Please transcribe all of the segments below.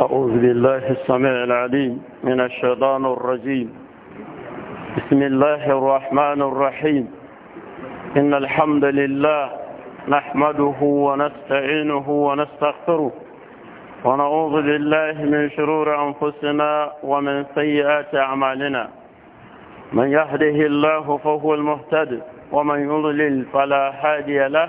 أعوذ بالله السميع العليم من الشيطان الرجيم بسم الله الرحمن الرحيم إن الحمد لله نحمده ونستعينه ونستغفره ونعوذ بالله من شرور أنفسنا ومن سيئات أعمالنا من يهده الله فهو المهتد ومن يضلل فلا هادي له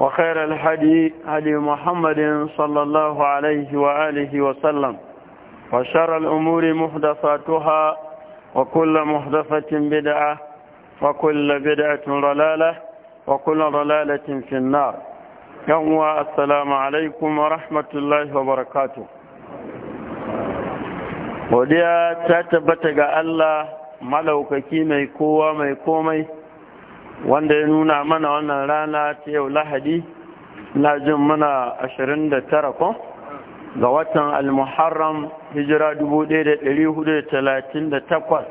وخير الهدي هدي محمد صلى الله عليه وآله وسلم وشر الأمور محدثاتها وكل محدثة بدعة وكل بدعة ضلالة وكل ضلالة في النار يوم السلام عليكم ورحمة الله وبركاته وديا تتبتغى الله ملوككي ميكوى ميكومي wanda ya nuna mana wannan rana ta yau lahadi na jin mana 29 ko ga watan al-muharram hijira 1438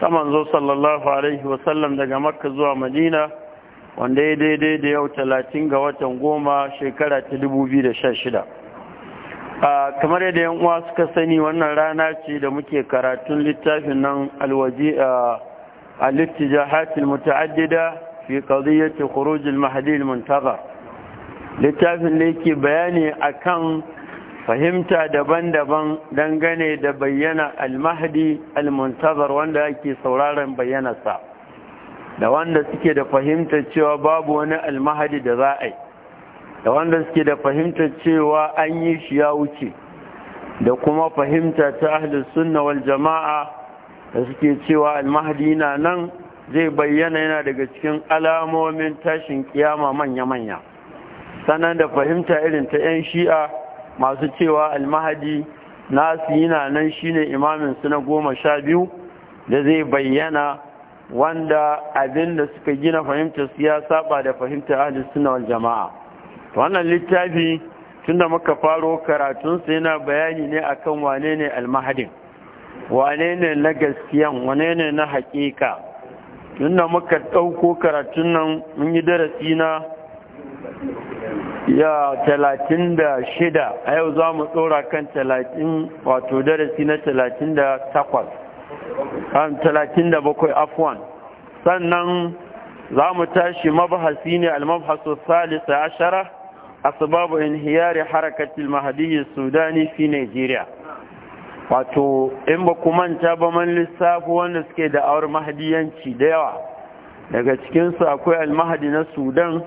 ta manzo sallallahu alaihi wasallam daga makka zuwa madina wanda ya daidai da yau 30 ga watan goma shekara ta 2016 kamar yadda yan uwa suka sani wannan rana ce da muke karatun littafin nan alwaji a الاتجاهات المتعددة في قضية خروج المهدي المنتظر littafin da yake bayani akan fahimta daban-daban dangane da bayyana al-mahdi al-muntazar wanda ake sauraron bayyanarsa da babu wani al da za a yi da wanda suke da fahimtar cewa an shi ya wuce da kuma fahimta ta jama'a da suke cewa almahadi na nan zai bayyana yana daga cikin alamomin tashin kiyama manya-manya sannan da fahimta irin ta 'yan shi'a masu cewa almahadi nasu yana nan shine su na goma sha biyu da zai bayyana wanda abin da suka gina fahimtar su ya saba da fahimta ahli suna wal jama'a wannan littafi tunda muka faro karatunsa yana bayani ne akan wane ne almahadin wane ne na gaskiyan wane ne na haƙiƙa tunda muka ɗauko karatun nan mun yi darasi na ya talatin da shida a yau za mu tsora kan talatin wato darasi na talatin da takwas kan talatin da bakwai afwan sannan za mu tashi mabahasi ne almabhasu salisa ashara asbabu inhiyari harakatil mahadiyyi sudani fi nigeria wato in ba ku manta ba man lissafi wanda suke da awar mahadiyanci da yawa daga cikinsu akwai almahadi na sudan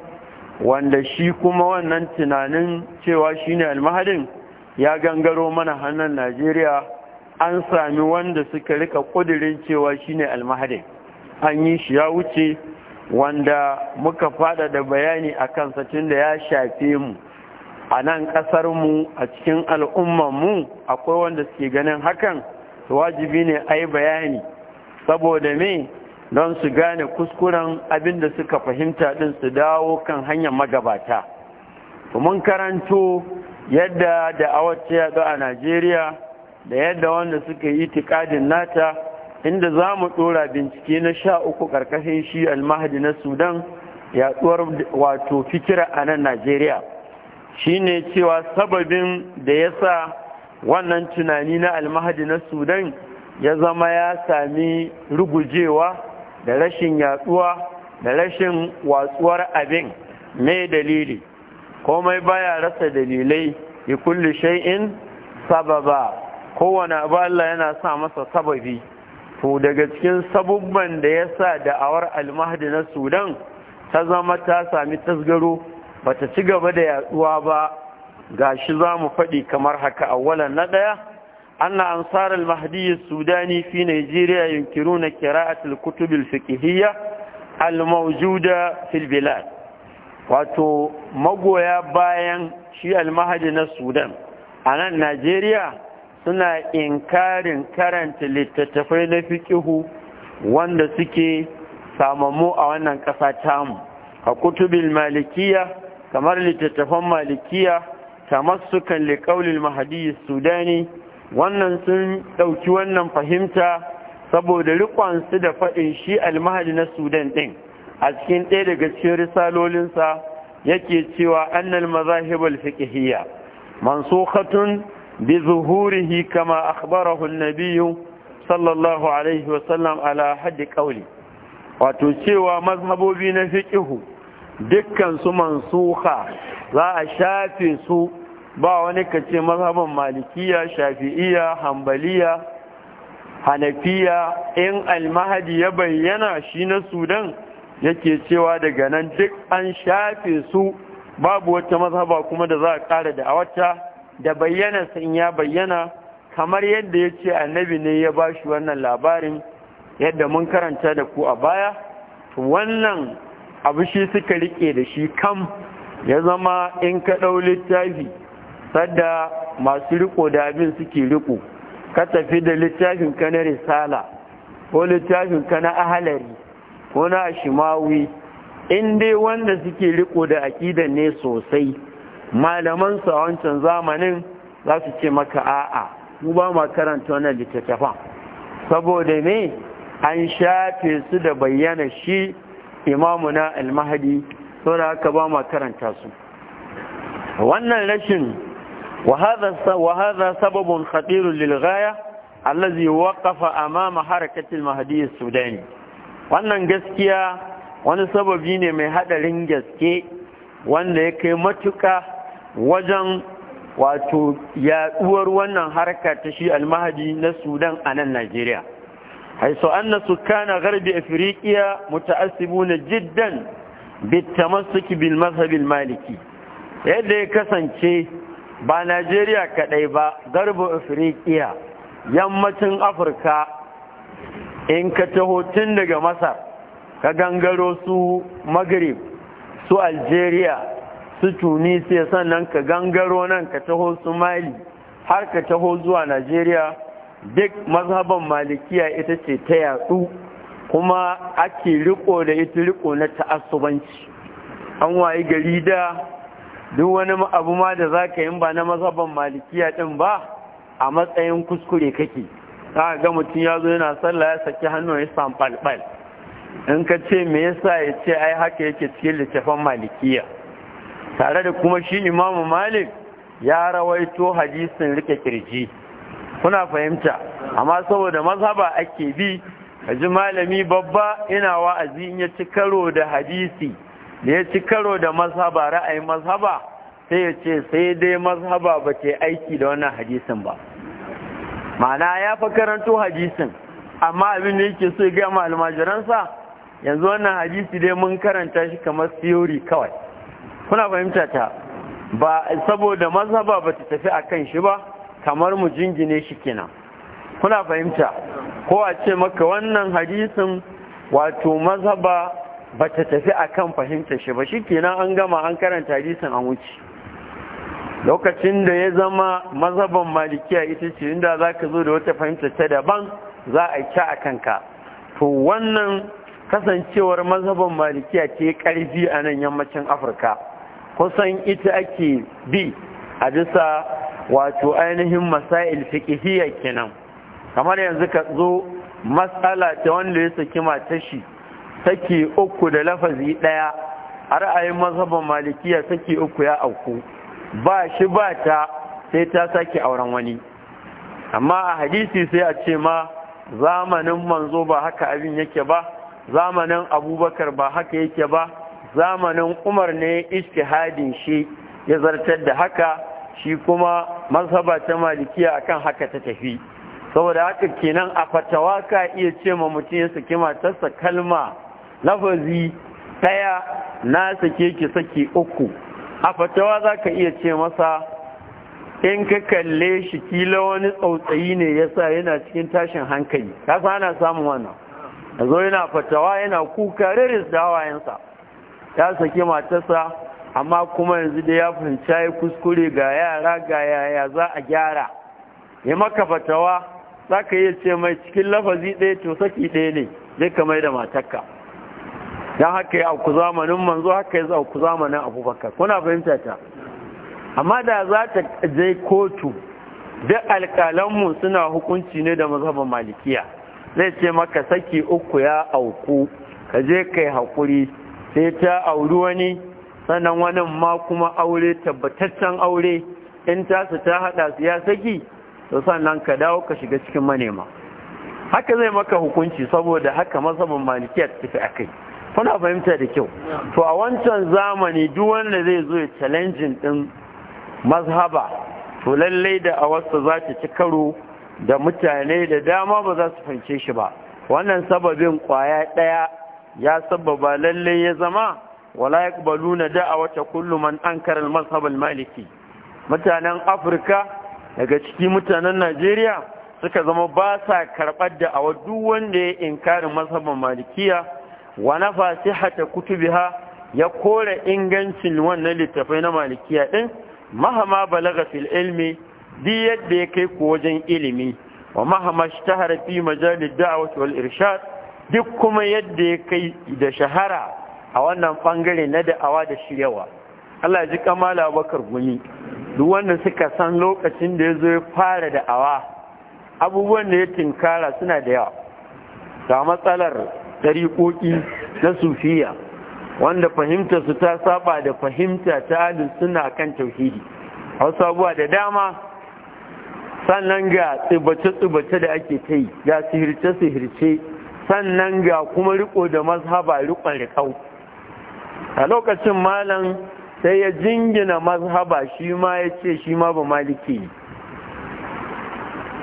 wanda shi kuma wannan tunanin cewa shine almahadin ya gangaro mana hannun najeriya an sami wanda suka rika kudirin cewa shine almahadin an yi shi ya wuce wanda muka fada da bayani a kansa tun da ya shafe mu a nan ƙasarmu a cikin al'ummanmu akwai wanda suke ganin hakan Su wajibi ne a yi bayani saboda me don su gane kuskuren abin da suka fahimta ɗin su dawo kan hanyar magabata mun karanto yadda da awace ya a najeriya da yadda wanda suka yi itikadin nata inda za mu ɗora bincike na sha uku ƙarƙashin shi almahadi na sudan yaɗuwar wato fikira a nan najeriya shine cewa sababin da ya sa wannan tunani na almahadi na sudan ya zama ya sami rugujewa da rashin yatsuwa da rashin watsuwar abin mai dalili komai baya rasa dalilai ya kulli shay'in sababa kowane abu Allah yana sa masa sababi to daga cikin sabubban da ya sa da'awar almahadi na sudan ta zama ta sami tasgaro bata ci gaba da yaduwa ba gashi za mu faɗi kamar haka awwalan na ɗaya anna ansar al-mahdi sudani fi nigeria yunkiruna qira'at al-kutub al-fiqhiyya al-mawjuda fil bilad wato magoya bayan shi al-mahdi na sudan a nan Najeriya suna inkarin karanta littattafai na fiqihu wanda suke samamu a wannan ƙasa tamu a kutubil malikiyya kamar littattafan malikiya tamassukan liqaulil mahdi sudani wannan sun ɗauki wannan fahimta saboda rikon su da faɗin shi almahadi na sudan ɗin a cikin ɗaya daga cikin risalolinsa yake cewa annal mazahibul fiqhiyya mansukhatun bi zuhurihi kama akhbarahu an-nabiy sallallahu alaihi wa sallam ala haddi qawli wato cewa mazhabobi na fiqhu dukkan su mansuha za a shafe su ba wani kace mazhaban malikiya shafi'iya hambaliya hanafiya in almahadi ya bayyana shi na sudan yake cewa daga nan duk an shafe su babu wata mazhaba kuma da za a ƙara da awata da bayyana sun ya bayyana kamar yadda ya ce annabi ne ya ba shi wannan labarin yadda mun karanta da ku a baya wannan abu shi suka rike da shi kam ya zama in ka ɗau littafi sadda masu riko da abin suke riko ka tafi da littafin ka na risala ko littafin ka na ahalari ko na shimawi. in dai wanda suke riko da aƙida ne sosai malaman sa wancan zamanin za su ce maka a'a mu ba ma karanta wannan littattafan saboda ne an shafe su da bayyana shi imamuna Al-Mahdi, almahadi da haka ba ma karanta su wannan rashin wahaza sababin lil lilgaya allazi waqafa amama al-mahdi mahadi sudani wannan gaskiya wani sababi ne mai haɗarin gaske wanda ya kai matuƙa wajen wato yaɗuwar wannan harka ta shi Al-Mahdi na sudan a nan najeriya حيث أن سكان غرب أفريقيا متأسمون جدا بالتمسك بالمذهب المالكي yadda ya kasance ba Najeriya kaɗai ba garba Afirikiya yammacin Afirka in ka taho tun daga Masar ka gangaro su Maghrib su Algeria su Tunisia sannan ka gangaro nan ka taho su har ka taho zuwa Najeriya duk mazhaban malikiya ita ce ta yatsu kuma ake riko da ita riko na ta'assubanci an waye gari da duk wani abu ma da za ka yi ba na mazhaban malikiya din ba a matsayin kuskure kake za ga mutum ya zo yana sallah ya saki hannu ya san in ka ce me yasa ya ce ai haka yake cikin littafin malikiya tare da kuma shi imamu malik ya rawaito hadisin rike kirji kuna fahimta amma saboda mazhaba ake bi ji malami babba ina wa'azi in ya ci karo da hadisi da ya ci karo da mazhaba ra'ayin mazhaba sai ya ce sai dai mazhaba ba ke aiki da wannan hadisin ba ma'ana ya fa karanto hadisin amma abin da yake so ya gaya ma almajiransa yanzu wannan hadisi dai mun karanta shi kamar theory kawai kuna fahimta ta ba saboda mazhaba ba ta tafi akan shi ba kamar mu jingine shi kenan kuna fahimta ko a ce maka wannan hadisin wato mazhaba bata tafi akan fahimta shi ba shikenan an gama an karanta hadisin an wuce lokacin da ya zama mazhaban malikiya ita ce inda zaka zo da wata fahimta ta daban za a ci a kanka to wannan kasancewar mazhaban malikiya ce karfi a nan yammacin afirka kusan ita ake bi a bisa wato ainihin masail fiqhiyya kenan kamar yanzu ka zo mas'ala ta wanda ya saki matar shi uku da lafazi daya a ra'ayin mazhaban malikiya take uku ya auku ba shi ba ta sai ta saki auren wani amma a hadisi sai a ce ma zamanin manzo ba haka abin yake ba zamanin abubakar ba haka yake ba zamanin umar ne ishtihadin shi ya zartar da haka shi kuma mazhaba ta malikiya akan haka ta tafi saboda haka kenan a fatawa ka iya ce ma mutum ya saki matarsa kalma lafazi ɗaya na sake ki saki uku a fatawa za ka iya ce masa in ka kalle shi kila wani tsautsayi ne ya sa yana cikin tashin hankali Ka sa ana samun wannan a yana fatawa yana kuka rarris da hawayensa ya saki matarsa amma kuma yanzu da ya fahimci ya kuskure ga yara ga yaya za a gyara ya maka fatawa za ka iya ce mai cikin lafazi ɗaya to saki ɗaya ne zai ka mai da matakka don haka ya auku zamanin manzo haka ya auku zamanin abubakar kuna fahimta ta amma da za ta je kotu duk alƙalanmu suna hukunci ne da mazhaban malikiya zai ce maka saki uku ya auku ka je kai haƙuri sai ta auri wani sannan wani ma kuma aure tabbataccen aure in ta tasu ta haɗa su ya saki to sannan ka dawo ka shiga cikin manema haka zai maka hukunci saboda haka masabin malikiya ta tafi kai. kuna fahimta da kyau to a wancan zamani duk wanda zai zo ya challenging din mazhaba to lallai da a wasu za ta ci karo da mutane da dama ba za su fahimce shi ba wannan sababin kwaya ɗaya ya sababa lallai ya zama wala yaqbaluna da'awata kullu man ankara al maliki mutanen Afirka daga ciki mutanen Najeriya suka zama ba sa karɓar da'awa duk wanda ya inkarin mazhaban malikiya wa nafa kutubiha ya kore ingancin wannan littafai na malikiya din mahama balaga fil ilmi duk yadda ya kai ku wajen ilimi wa mahama shtahara fi majalid da'awati wal irshad duk kuma yadda ya kai da shahara a wannan bangare na da'awa da shiryawa Allah ji kamala bakar gumi duk wanda suka san lokacin da ya zo ya fara da'awa abubuwan da ya tinkara suna da yawa ga matsalar dariƙoƙi na sufiya wanda fahimta su ta saba da fahimta ta halin suna kan tauhidi wasu abuwa da dama sannan ga tsibace-tsibace da ake ta yi ga sihirce-sihirce sannan ga kuma riko da mazhaba rikon riƙau. a lokacin malam sai ya jingina mazhaba shi ma ya ce shi ma ba maliki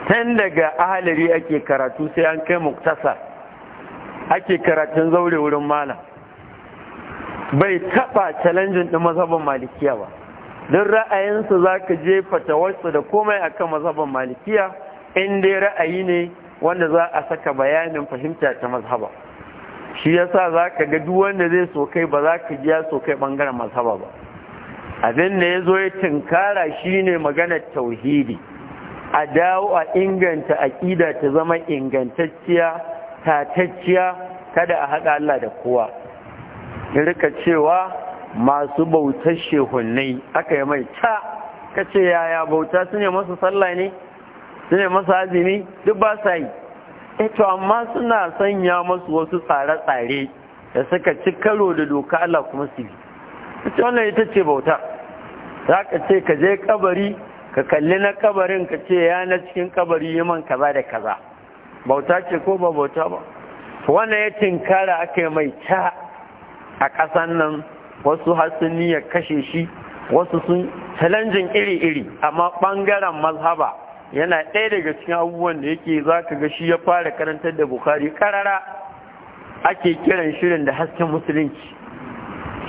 tun daga ahalari ake karatu sai an kai muktasa ake karatun zaure wurin malam bai taɓa challengin din mazhaban malikiya ba don ra'ayinsu za ka jefa tawarsu da komai akan mazhaban malikiya in dai ra'ayi ne wanda za a saka bayanin fahimta ta mazhaban shi ya sa za ka ga duk wanda zai so kai ba za ka ji ya ɓangaren masaba ba abin da ya zo ya tinkara shi ne maganar tauhidi a dawo a inganta aƙida ta zama ingantacciya tatacciya kada a haɗa Allah da kowa in rika cewa masu bautar shehunai aka yi mai ta kace yaya bauta su ne masu sallah ne su ne masu azumi duk ba sa yi Eh, to amma suna sanya masu wasu tsare-tsare da suka ci karo da doka Allah kuma su bi ita wannan ita ce bauta za ka ce ka je kabari ka kalli na kabarin ka ce ya na cikin kabari yi man kaza da kaza bauta ce ko ba bauta ba wannan ya tinkara aka yi mai ca a ƙasan nan wasu hasini ya kashe shi wasu sun challenging iri-iri amma ɓangaren mazhaba yana ɗaya daga cikin abubuwan da yake za ka ga shi ya fara karantar da bukari karara ake kiran shirin da hasken musulunci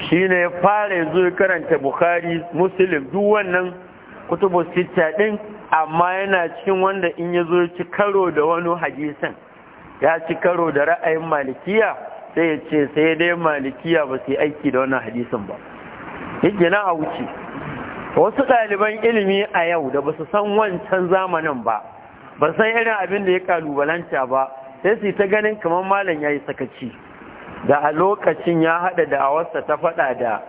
shi ne ya fara ya zo karanta bukari musulun duk wannan kutubu sita ɗin amma yana cikin wanda in ya zo ci karo da wani hadisan ya ci karo da ra'ayin malikiya sai ya ce sai dai malikiya ba su yi aiki da wannan hadisan ba yake na a wuce wasu ɗaliban ilimi a yau da ba su san wancan zamanin ba ba san irin abin da ya kalubalanta ba sai su ta ganin kamar malam ya yi sakaci da a lokacin ya haɗa da awarsa ta faɗa da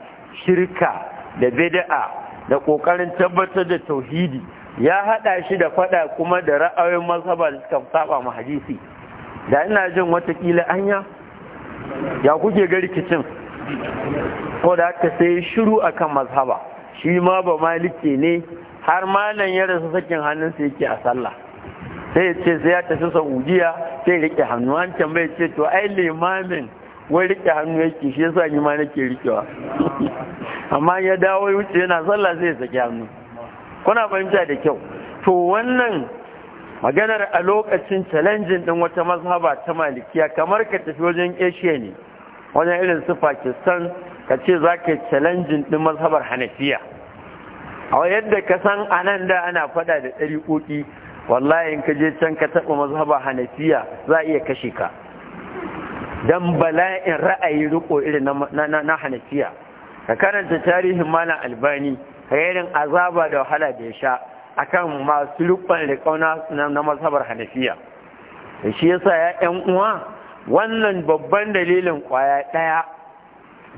shirka da bida'a da ƙoƙarin tabbatar da tauhidi ya haɗa shi da faɗa kuma da ra'ayoyin mazhaba da suka saba mu hadisi da ina jin watakila anya ya kuke ga rikicin ko da haka sai shiru akan mazhaba shi ma ba maliki ne har ma nan ya rasu sakin hannunsa yake a sallah sai ya ce sai ya tafi saudiya sai rike hannu an tambaye ce to ai limamin wai rike hannu yake shi yasa ni ma nake rikewa amma ya dawo ya wuce yana sallah sai ya saki hannu kuna fahimta da kyau to wannan maganar a lokacin challenging din wata mazhaba ta malikiya kamar ka tafi wajen asia ne wajen irin su pakistan ka ce za ka challenging ɗin mazhabar hanafiya a yadda ka san a nan da ana fada da ɗari ƙoƙi wallahi ka je can ka taɓa mazhabar hanafiya za a iya kashe ka don bala'in ra'ayi riko irin na hanafiya ka karanta tarihin malam albani ka irin azaba da wahala da ya sha akan masu da rikauna na mazhabar hanafiya shi yasa ya yan uwa wannan babban dalilin ƙwaya ɗaya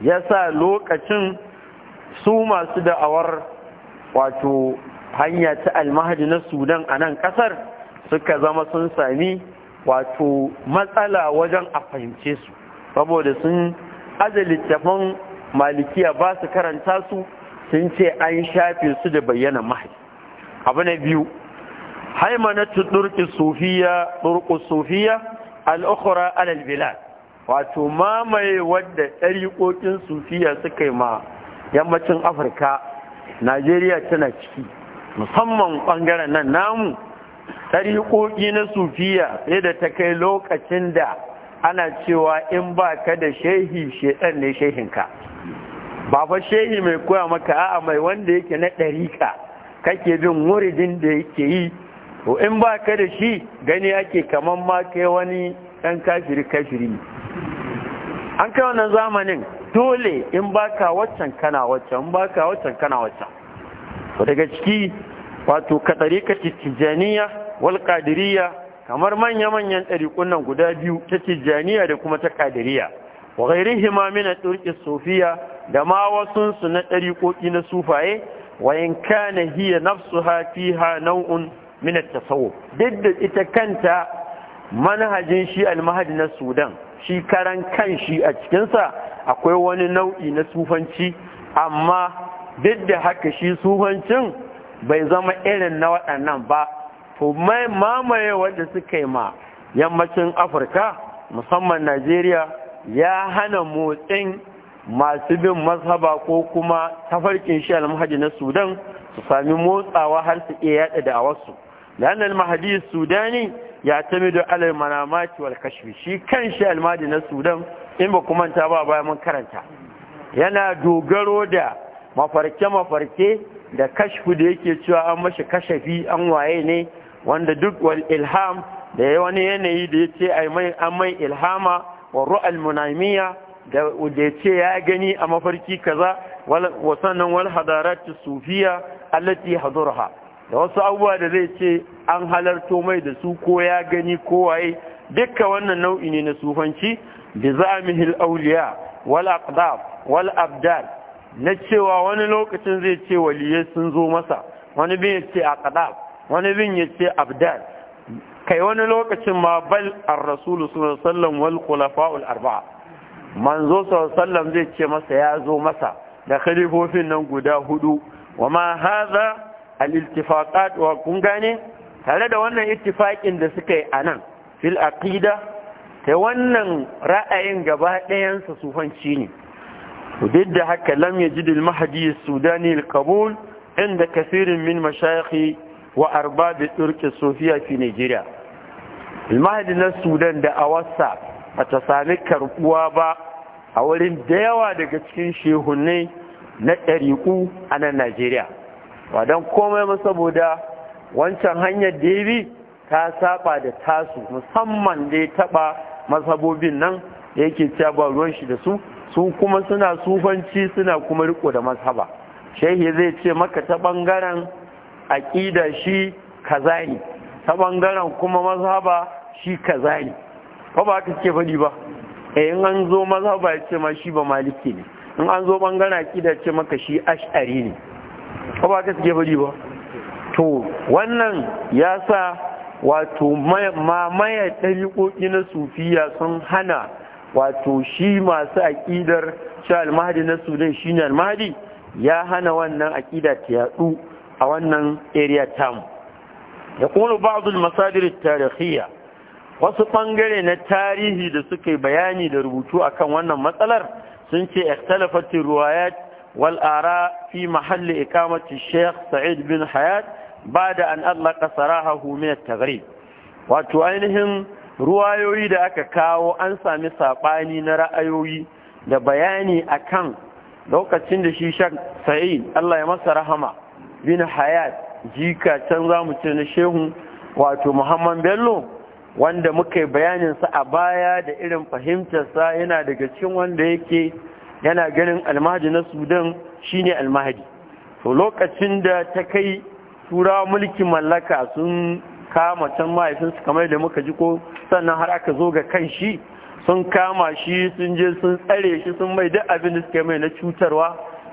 ya sa lokacin su masu da'awar wato hanya ta almahadi na sudan a nan kasar suka zama sun sami wato matsala wajen a fahimce su saboda sun aje littafin malikiya ba su karanta su sun ce an shafe su da bayyana mahadi abu na biyu haimanatu turki sufiya turku sufiya al'ukura al’albilad wato mamaye wadda ɗariƙoƙin sufiya suka yi ma yammacin afirka najeriya tana ciki musamman ɓangaren nan namu ɗariƙoƙi na sufiya sai da ta kai lokacin da ana cewa in ba ka da shehi shedan ne shehinka ba fa shehi mai koya maka a'a mai wanda yake na ɗariƙa kake bin muridin da yake yi to in ba ka da shi gani ake kaman ma kai wani ɗan kafiri kafiri an kai wannan zamanin dole in baka waccan kana waccan in baka waccan kana waccan daga ciki wato ka ka tijjaniya wal qadiriyya kamar manya-manyan ɗariƙun nan guda biyu ta tijjaniya da kuma ta qadiriyya wa ghairihima min at-turqi sufiya da ma wasun su na ɗariƙoƙi na sufaye wa in kana hiya nafsuha fiha naw'un min at-tasawuf duk da ita kanta manhajin shi al-mahdi na Sudan shi karan kan shi a cikinsa akwai wani nau'i na sufanci amma duk da haka shi sufancin bai zama irin na waɗannan ba to mai mamaye wanda suka yi ma yammacin afirka musamman najeriya ya hana motsin masu bin mazhaba ko kuma tafarkin shi alhaji na sudan su sami motsawa har su iya yada da a wasu لأن المهدي السوداني يعتمد على المنامات kashfi shi كان شي المادي na Sudan in ba kuma ta ba baya mun karanta yana dogaro da mafarke mafarke da kashfu da yake cewa an mashi kashafi an waye ne wanda duk wal ilham da wani yanayi da yace ai mai ilhama wa ru'al munamiya da yace ya gani a mafarki kaza wa sannan wal hadarat sufiya allati hadurha da wasu abubuwa da zai ce an halarto mai da su ko ya gani ko waye dukkan wannan nau'i ne na sufanci bi zamihil awliya wal aqdab wal abdal na cewa wani lokacin zai ce waliyai sun zo masa wani bin ya ce aqdab wani bin ya ce abdal kai wani lokacin ma bal ar rasul sallallahu alaihi wal khulafa'ul arba'a manzo sallallahu zai ce masa ya zo masa da khalifofin nan guda hudu wa ma hadha al-iltifaqat wa kun gane tare da wannan ittifaqin da suka yi a nan, fil aqida ta wannan ra'ayin gaba ɗayan sufanci ne duk da haka lam ya al-mahdi as-sudani al inda kafirin min mashayikh wa da turki sufiya fi nigeria al-mahdi na sudan da awassa ta sami karbuwa ba a wurin da yawa daga cikin shehunai na ɗariƙu a nan Najeriya. ba don komai ba saboda wancan hanyar da ya ta saba da tasu musamman da ya taba masabobin nan da yake cewa ba ruwan shi da su su kuma suna sufanci suna kuma riko da masaba shehi zai ce maka ta bangaren aƙida shi kaza ne ta bangaren kuma masaba shi kaza ne ba ba ka ce faɗi ba eh in an zo masaba ya ce ma shi ba maliki ne in an zo bangaren aƙida ce maka shi ash'ari ne ko ba ka suke bari ba to wannan ya sa wato mamaya ɗariƙoƙi na sufiya sun hana wato shi masu aƙidar shi almahadi na sudan shi ne almahadi ya hana wannan aƙida ta yaɗu a wannan area tamu ya kuma ba'adul masadir tarihiyya wasu ɓangare na tarihi da suka yi bayani da rubutu akan wannan matsalar sun ce ikhtalafatir ruwayat والآراء في محل إقامة Sa'id bin بن ba da أن أطلق سراحه من التغريب وتعينهم ruwayoyi da aka kawo an sami saɓani na ra'ayoyi da bayani a kan lokacin da shi shak sa'id Allah ya masa rahma" bin hayat jika canza za na shehu wato muhammad bello wanda muka bayanin bayaninsa a baya da irin fahimtarsa yana daga cikin wanda yake yana ganin almahadi na sudan shine almahadi to lokacin da ta kai tura mulkin mallaka sun kama can mahaifinsu kamar da muka ji ko sannan har aka zo ga kan shi sun kama shi sun je sun tsare shi sun mai duk abin da suke mai na cutarwa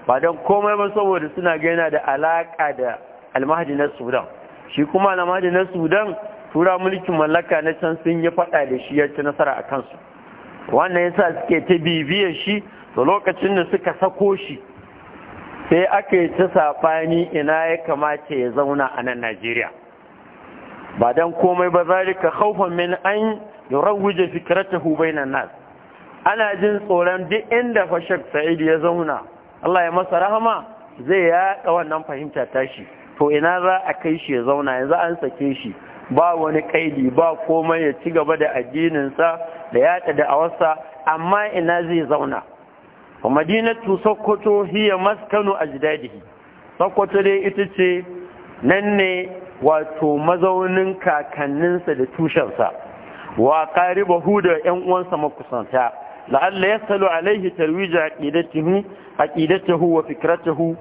ba don komai ba saboda suna gaina da alaka da almahadi na sudan shi kuma almahadi na sudan tura mulkin mallaka na can sun yi faɗa da shi ya ci nasara a kansu wannan yasa suke ta bibiyar shi to lokacin da suka sako shi sai aka yi ta safani ina ya kamace ya zauna a nan Najeriya ba dan komai ba zalika khawfan min an yurawwija fikratahu bainan nas ana jin tsoron duk inda fashak sa'id ya zauna Allah ya masa rahama zai yaɗa wannan fahimta tashi to ina za a kai shi ya zauna yanzu an sake shi ba wani kaidi ba komai ya ci gaba da addininsa da yaɗa awarsa, amma ina zai zauna wa madinatu sokoto hiya maskanu ajdadihi sokoto dai ita ce nan ne wato mazaunin kakanninsa da tushensa wa qaribahu da ƴan uwansa makusanta la'alla yasalu alaihi tarwija aqidatihi aqidatuhu wa fikratuhu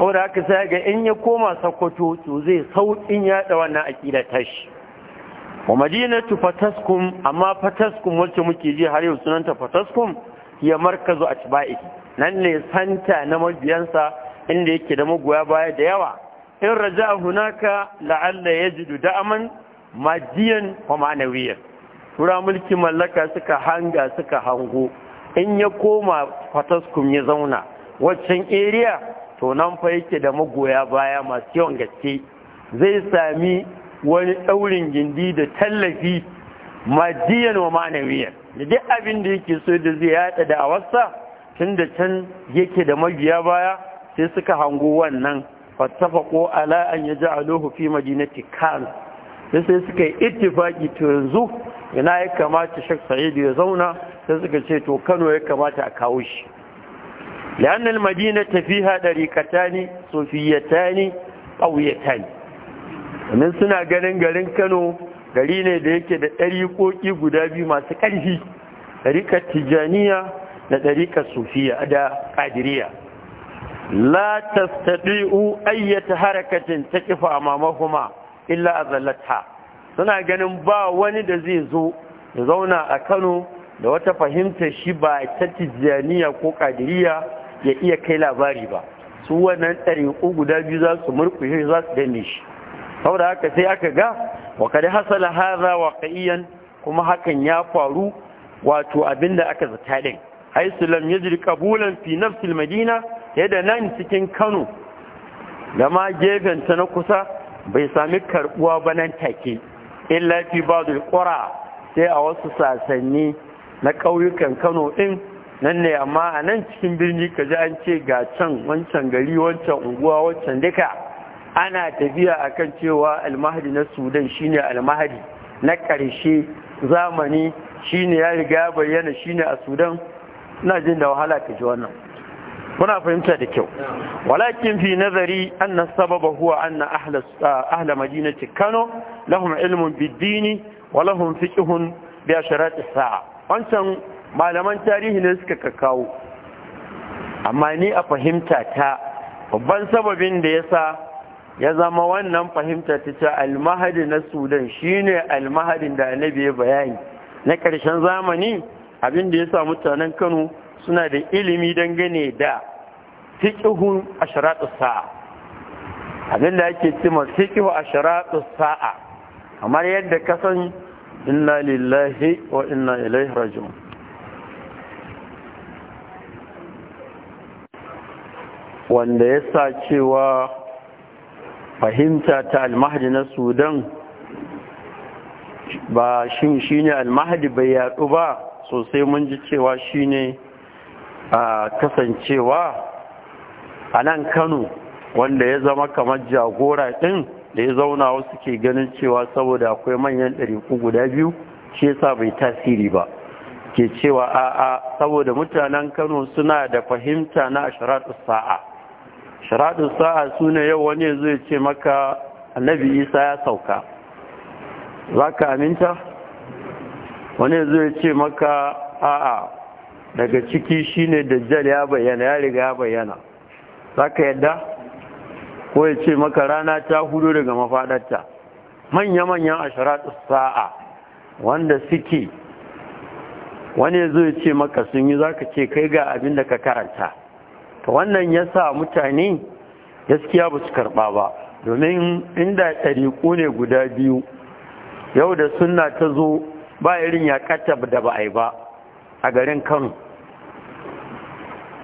saboda haka sai ga in ya koma Sokoto to zai sauƙin yaɗa wannan aƙida tashi wa madinatu fataskum amma fataskum wacce muke ji har yau ta fataskum ya markazu a tibai nan ne santa na mabiyansa inda yake da magoya baya da yawa in raja hunaka la'alla yajidu da'aman madiyan wa ma'anawiyan tura mulki mallaka suka hanga suka hango in ya koma fataskum ya zauna waccan area to nan fa yake da magoya baya masu yawan gaske zai sami wani ɗaurin gindi da tallafi madiyan wa manawiyan da duk abin da yake so da zai yada da awarsa tun da can yake da mabiya baya sai suka hango wannan fattafaqo ala an yaj'aluhu fi madinati kan sai suka yi ittifaki to yanzu ina ya kamata Sheikh Sa'id ya zauna sai suka ce to Kano ya kamata a kawo shi لأن المدينة فيها دريكتان صوفيتان قويتان من سنة قلن قلن كانوا قلين ديك دريكو دريقوكي قدابي ما سكره دريكة تجانية دريقة صوفية أدا قادرية لا تستطيع أي حركة تكف أمامهما إلا أظلتها suna ganin ba wani da zai zo ya zauna a kano da wata fahimtar shi ba ta tijjaniya ko kadiriya ya iya kai labari ba su wannan ɗariƙu guda biyu za su murƙushe za su danne shi saboda haka sai aka ga wa kada hasala wa waqiyan kuma hakan ya faru wato abinda aka zata din haisu lam yajri qabulan fi nafsi almadina nan cikin Kano da ma gefen ta na kusa bai sami karbuwa ba nan take illa fi ba'dul qura sai a wasu sasanni na ƙauyukan Kano ɗin. nan ne amma a nan cikin birni ka ji an ce ga can wancan gari wancan unguwa wancan duka ana tafiya akan cewa almahadi na sudan shine almahadi na ƙarshe zamani shine ya riga bayyana shine a sudan ina jin da wahala ka ji wannan Kuna fahimta da kyau walakin fi nazari anna sababa huwa anna ah, ahla madinati kano lahum ilmun biddini dini wa lahum fiqhun bi asharat saa wancan malaman tarihi ne suka kakawo amma ni a fahimta ta babban sababin da ya sa ya zama wannan fahimta ta ce almahadi na sudan shine almahadin da annabi ya bayani na ƙarshen zamani abin da ya sa mutanen kano suna da ilimi dangane da fiƙihun ashiratu sa'a abin da ake cima fiƙihu ashiratu sa'a kamar yadda kasan inna lillahi wa inna ilaihi raji'un wanda ya sa cewa fahimta ta almahadi na sudan ba shin shine almahadi bai yadu ba sosai mun ji cewa ne a kasancewa a nan kano wanda ya zama kamar jagora din da ya zauna wasu ke ganin cewa saboda akwai manyan ɗariku guda biyu shi sa bai tasiri ba ke cewa a'a saboda mutanen kano suna da fahimta na ashirar sa'a shiradu sa'a su ne yau wani zai ya ce maka annabi isa ya sauka za ka aminta wani zai ya ce maka a'a daga ciki shine dajjal ya bayyana ya riga ya bayyana za ka yadda ko ya ce maka rana ta hudu daga mafaɗarta manya-manyan a shiradu sa'a wanda suke wani zai ya ce maka sun yi za ka ce kai ga abin da ka karanta to wannan ya sa mutane gaskiya ba su karɓa ba domin inda ɗariƙo ne guda biyu yau da sunna ta zo ba irin yaƙata da ba a yi ba a garin kano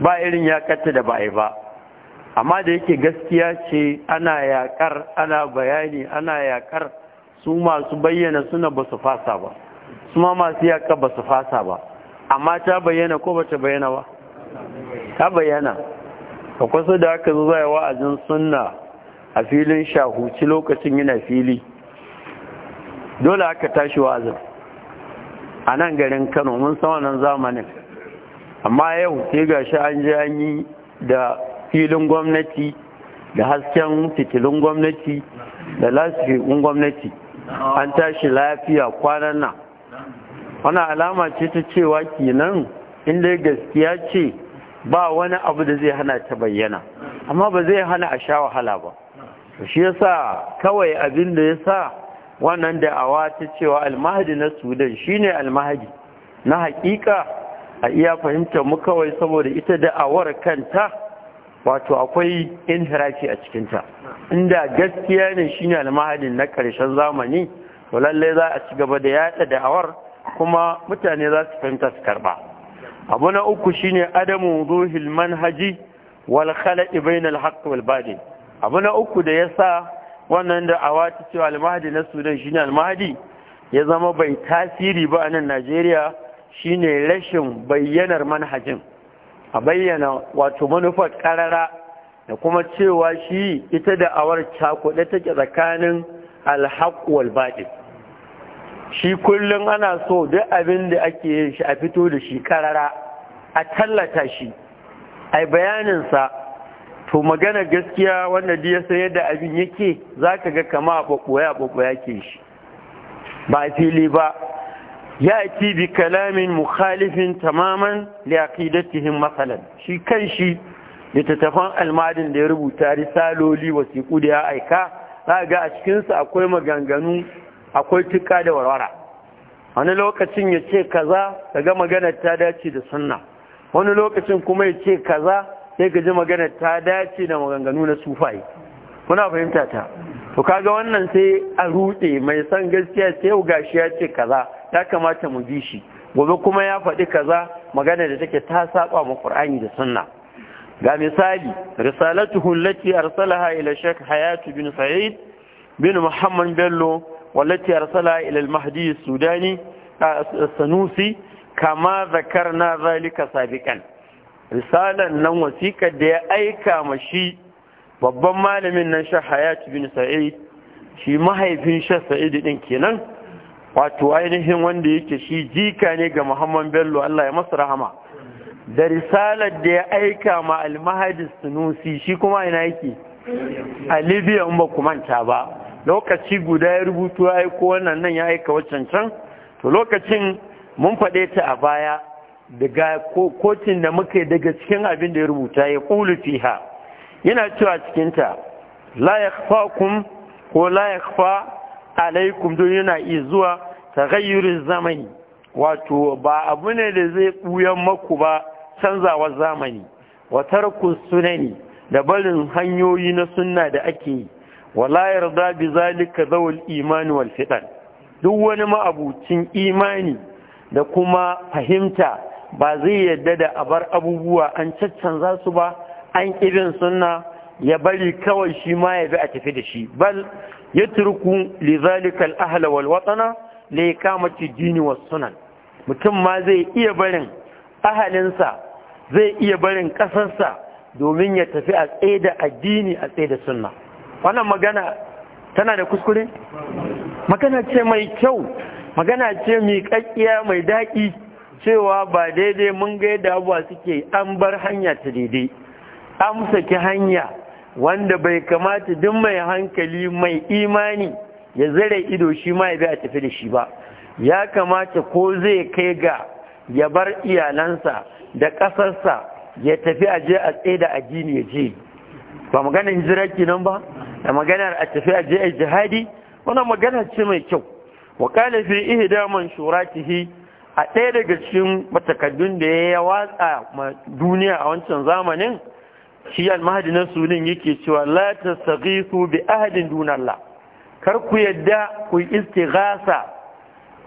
ba irin ya ƙata da ba a yi ba amma da yake gaskiya ce ana yaƙar ana bayani ana yaƙar su masu bayyana suna ba su fasa ba su ma masu yaƙa ba su fasa ba amma ta bayyana ko ba ta bayyana ba ta bayyana akwai su da aka zo zai wa'azin sunna a filin shahuci lokacin yana fili dole aka tashi wa'azin a nan garin kano mun san wannan zamanin amma yau sai ga shi an ji an yi da filin gwamnati da hasken fitilun gwamnati da lasifin gwamnati an tashi lafiya kwanan nan wani alama ce ta cewa kenan inda gaskiya ce ba wani abu da zai hana ta bayyana amma ba zai hana a sha wahala ba shi yasa kawai abin da yasa wannan da'awa ta cewa almahadi na sudan shine almahadi na hakika a iya fahimta mu kawai saboda ita da'awar kanta wato akwai inhirafi a cikinta inda gaskiya ne shine almahadin na karshen zamani to lallai za a ci gaba da yada da'awar kuma mutane za su fahimta su karba abu na uku shine adamu ruhil manhaji wal khala'i bainal haqq wal batil abu na uku da yasa wannan da awati cewa al-mahdi na Sudan shine al-mahdi ya zama bai tasiri ba a nan Najeriya shine rashin bayyanar manhajin a bayyana wato manufar karara da kuma cewa shi ita da awar cakuɗe take tsakanin al-haqq wal batil shi kullum ana so duk abin da ake yin shi a fito da shi karara a tallata shi a bayaninsa to magana gaskiya wanda da ya sayar da abin yake za ka ga kama a ɓaɓɓoya ɓaɓɓoya ke shi ba a fili ba ya ake bi kalamin mukhalifin tamaman dattihin matsalan shi kan shi littattafan almadin da ya rubuta risaloli wasiƙu da ya aika za a ga a cikinsa akwai maganganu akwai tuka da warwara wani lokacin ya ce kaza daga maganar ta dace da sunna wani lokacin kuma ya ce kaza sai ka ji maganar ta dace da maganganu na sufai. muna fahimta ta to kaga wannan sai a rute mai san gaskiya sai yau gashi ya ce kaza ya kamata mu bi shi gobe kuma ya faɗi kaza magana da take ta saba mu Qur'ani da Sunna ga misali risalatuhu allati arsalaha ila shaykh Hayatu bin Sa'id bin Muhammad Bello والتي أرسلها إلى المهدي السوداني السنوسي كما ذكرنا ذلك سابقا da ya aika أيكا مشي babban malamin nan sha hayatu bin sa'id shi mahaifin sha sa'id din kenan wato ainihin wanda yake shi jika ne ga muhammad bello allah ya masa rahama da risalar da ya aika ma almahadis Sanusi shi kuma ina yake a libya ba ku manta ba lokaci guda ya rubutu ya aiko wannan nan ya aika waccan can to lokacin mun faɗe ta a baya daga kotun da muka daga cikin abin da ya rubuta ya ƙulu fiha yana cewa cikinta la ya kum ko la alaikum don yana iya zuwa tagayyurin zamani wato ba abu ne da zai ɓuyan maku ba canzawar zamani wa tarku sunani da barin hanyoyi na sunna da ake yi wala yarda bi zalika zawul imani wal fitan duk wani ma'abucin imani da kuma fahimta ba zai yadda da abar abubuwa an caccanza su ba an irin sunna ya bari kawai shi ma ya bi a tafi da shi bal ya li zalika al ahla wal watana li ikamati dini was sunan mutum ma zai iya barin ahalinsa zai iya barin ƙasarsa domin ya tafi a tsaye da addini a tsaye da sunna wannan magana tana da kuskure magana ce mai kyau magana ce mai kakkiya mai daɗi cewa ba daidai mun ga yadda abuwa suke an bar hanya ta daidai an saki hanya wanda bai kamata duk mai hankali mai imani ya zare ido shi ma ya bi a tafi da shi ba ya kamata ko zai kai ga ya bar iyalansa da ƙasarsa ya tafi a je a tsaye da addini ya je ba maganin hijira kenan ba da maganar a tafi a je jihadi wani magana ce mai kyau wa kala fi ihda manshuratihi a ɗaya daga cikin matakaddun da ya watsa ma duniya a wancan zamanin shi al-mahdi na sunin yake cewa la tastaghithu bi ahadin duna Allah kar ku yadda ku istighasa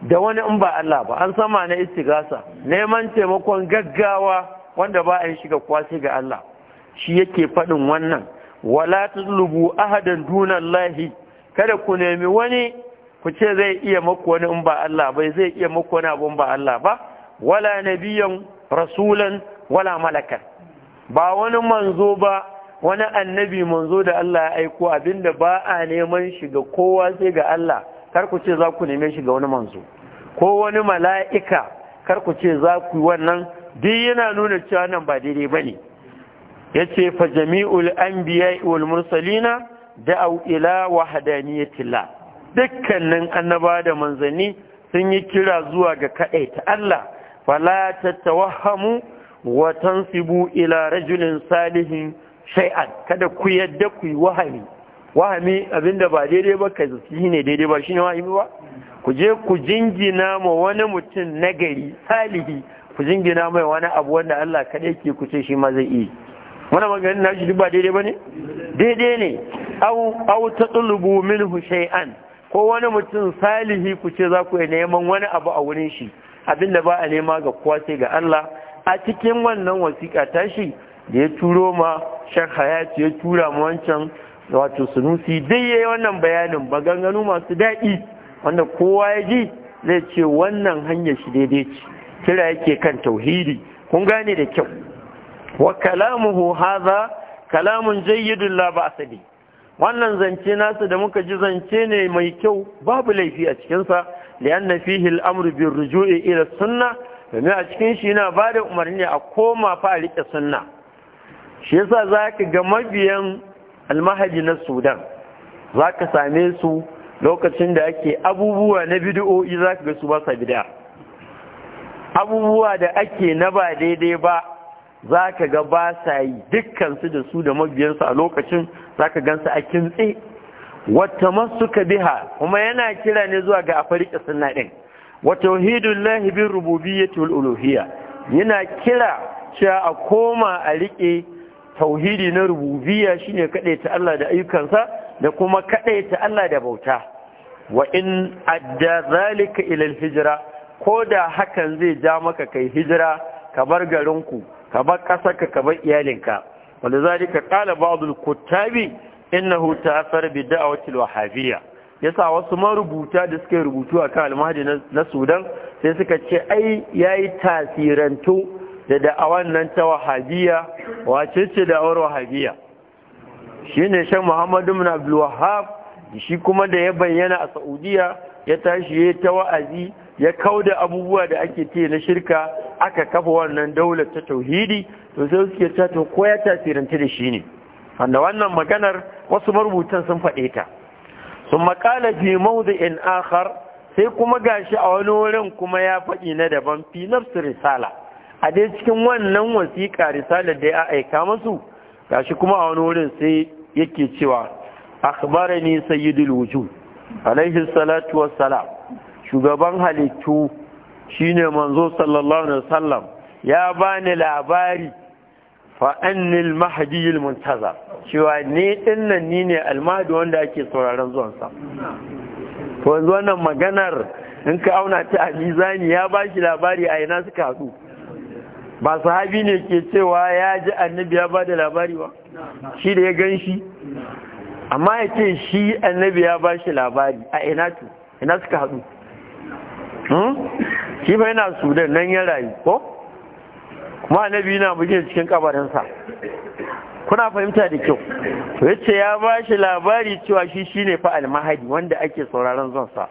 da wani in ba Allah ba an sama na istighasa neman taimakon gaggawa wanda ba a yi shiga kwasi ga Allah shi yake faɗin wannan wala tulubu ahadan dunallahi kada ku nemi wani ku ce zai iya maku wani in ba Allah ba zai iya maku wani abu ba Allah ba wala nabiyan rasulan wala malakan ba wani manzo ba wani annabi manzo da Allah ya aiko abinda ba a neman shi ga kowa sai ga Allah kar ku ce za ku neme shi ga wani manzo ko wani mala'ika kar ku ce za ku yi wannan duk yana nuna cewa nan ba daidai bane yace fa jami'ul anbiya'i wal mursalina da'u ila wahdaniyatillah dukkanin annaba da manzanni sun yi kira zuwa ga ta Allah fala tatawahhamu wa tansibu ila rajulin salihin shay'an kada ku yadda ku yi wahami wahami abinda ba daidai ba ka zaci ne daidai ba shine wahami ba ku je ku jingina ma wani mutum nagari salihi ku jingina mai wani abu wanda Allah kaɗai ke kuce shi ma zai yi wani maganin na shi ba daidai ba ne daidai ne au ta tsulubu ko wani mutum salihi ku ce za ku yi neman wani abu a wurin shi abinda ba a nema ga kowa sai ga Allah a cikin wannan wasiƙa tashi da ya turo ma shan hayati ya tura ma wancan wato sunusi dai yayi wannan bayanin maganganu masu daɗi wanda kowa ya ji zai ce wannan hanyar shi daidai ce kira yake kan tauhidi kun gane da kyau wa kalamuhu hadha kalamun jayyidun la ba'sa wannan zance nasu da muka ji zance ne mai kyau babu laifi a cikin sa lianna fihi al'amru amru ruju'i ila sunna domin a cikin shi yana ba da umarni a koma fa a rike sunna shi yasa zaka ga mabiyan almahaji na Sudan zaka same su lokacin da ake abubuwa na bid'o'i zaka ga su ba sa bid'a abubuwa da ake na ba daidai ba za ka ga ba sa yi dukkansu da su da mabiyansu a lokacin za ka gansu a kintse wata masuka biha kuma yana kira ne zuwa ga afirka suna ɗin wata wahidun lahibin rububi ya yana kira cewa a koma a riƙe tauhidi na rububiyya shine kadaita Allah da ayyukansa da kuma ta Allah da bauta wa in adda zalika ila al ko da hakan zai ja maka kai hijira ka bar garinku ka bar ƙasarka ka ka bar iyalinka wanda zalika qala ba'dul kuttabi innahu ta'assar bi da'watil wahabiyya yasa wasu marubuta da suka rubutu a kan almahadi na Sudan sai suka ce ai ya yi tasirantu da da'awan nan ta wahabiyya wace ce da'awar Shi ne shan Muhammadu ibn Abdul wahab shi kuma da ya bayyana a Saudiyya, ya tashi ya ta wa'azi ya da abubuwa da ake ce na shirka aka kafa wannan daular ta tauhidi to sai suke ta to ko ya tasiranta da shi ne wanda wannan maganar wasu marubutan sun faɗe ta sun makala fi mawdu'in akhar sai kuma gashi a wani wurin kuma ya faɗi na daban fi nafsi risala a dai cikin wannan wasiƙa risalar da ya aika musu gashi kuma a wani wurin sai yake cewa akhbarani sayyidul wujud alaihi salatu wassalam shugaban halittu shine manzo sallallahu alaihi wasallam ya bani labari fa annil mahdiyil muntazar cewa ne dinnan ni ne almahdi wanda ake sauraron zuwansa to yanzu wannan maganar in ka auna ta Alizani mizani ya bashi labari a ina suka haɗu ba sahabi ne ke cewa ya ji annabi ya ba labari ba shi da ya gan shi amma ya ce shi annabi ya ba shi labari a ina ina suka haɗu Hmm? shi ba yana sudan nan ya rayu ko kuma annabi yana buge cikin kabarinsa kuna fahimta da kyau to yace ya ba shi labari cewa shi shine fa almahadi wanda ake sauraron zonsa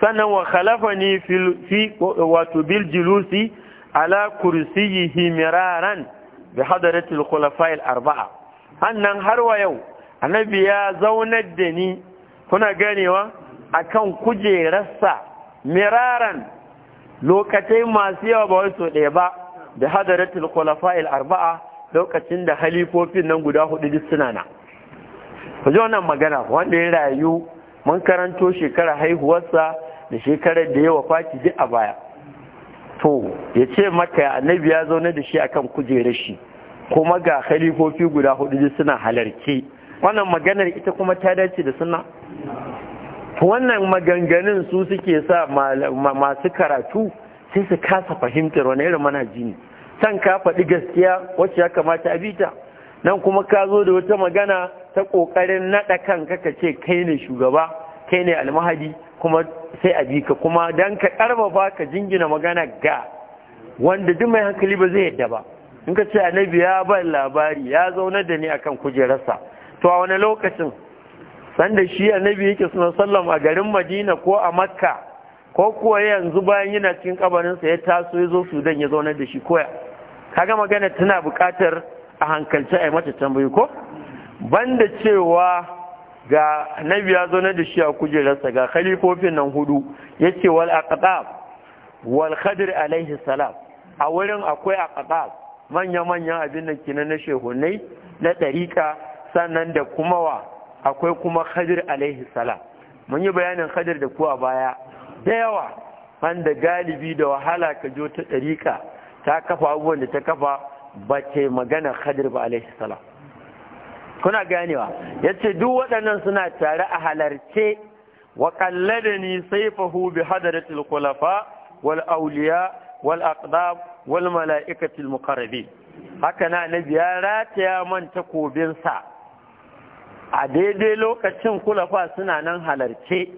sannan wa khalafani fi wato bil julusi ala kursiyihi miraran bi hadarati al khulafa arba'a annan har wa yau annabi ya zaunar da ni kuna ganewa akan kujerarsa miraran lokacin masu yawa ba wasu ɗaya ba da hadaratul khulafa'il arba'a lokacin da halifofin nan guda hudu duk suna na ku ji wannan magana wanda ya rayu mun karanto shekara haihuwarsa da shekarar da ya faki duk a baya to ya ce maka annabi ya zaune da shi akan kujerar shi kuma ga halifofi guda hudu duk suna halarci wannan maganar ita kuma ta dace da suna wannan maganganun su suke sa masu karatu sai su kasa fahimtar wani irin manhaji ne san ka faɗi gaskiya wacce ya kamata a bita nan kuma ka zo da wata magana ta ƙoƙarin naɗa kanka ka ce kai ne shugaba kai ne almahadi kuma sai a bi ka kuma don ka ƙarfafa ka jingina magana ga wanda duk mai hankali ba zai yadda ba in ka ce annabi ya ban labari ya zaunar da ni akan kujerarsa to a wani lokacin sanda shi annabi yake suna sallam a garin madina ko a makka ko kuwa yanzu bayan yana cikin kabarinsa ya taso ya zo sudan ya zaunar da shi koya kaga magana tana buƙatar a hankalce a mata tambayi ko banda cewa ga nabi ya zaunar da shi a kujerarsa ga khalifofin nan hudu ya ce wal aqdab wal khadir alaihi salam a wurin akwai aqdab manya-manyan abin da kinan na shehunai na ɗarika sannan da kuma wa akwai kuma khadir alaihi salam mun yi bayanin khadir da kuwa baya da yawa wanda galibi da wahala ka jo ta ɗarika ta kafa abubuwan da ta kafa ba ce magana khadir ba alaihi salam kuna ganewa ya ce duk waɗannan suna tare a halarce wa kallada ni saifahu bi hadaratul khulafa wal awliya wal aqdab wal mala'ikatil muqarrabin haka na annabi ya rataya man takobinsa a daidai lokacin kulafa suna nan halarce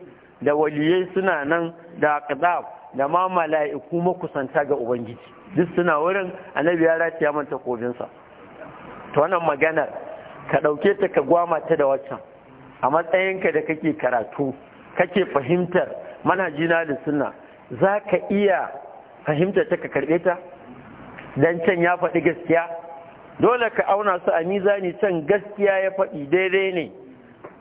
da waliyai suna nan da qadab da ma mala'iku makusanta ga ubangiji duk suna wurin annabi ya rataya kobinsa takobinsa to wannan maganar ka ɗauke ta ka gwama ta da waccan a matsayinka da kake karatu kake fahimtar mana na da suna, za ka iya fahimtar ta ka karɓe ta dan can ya faɗi gaskiya dole ka auna su a mizani can gaskiya ya faɗi daidai ne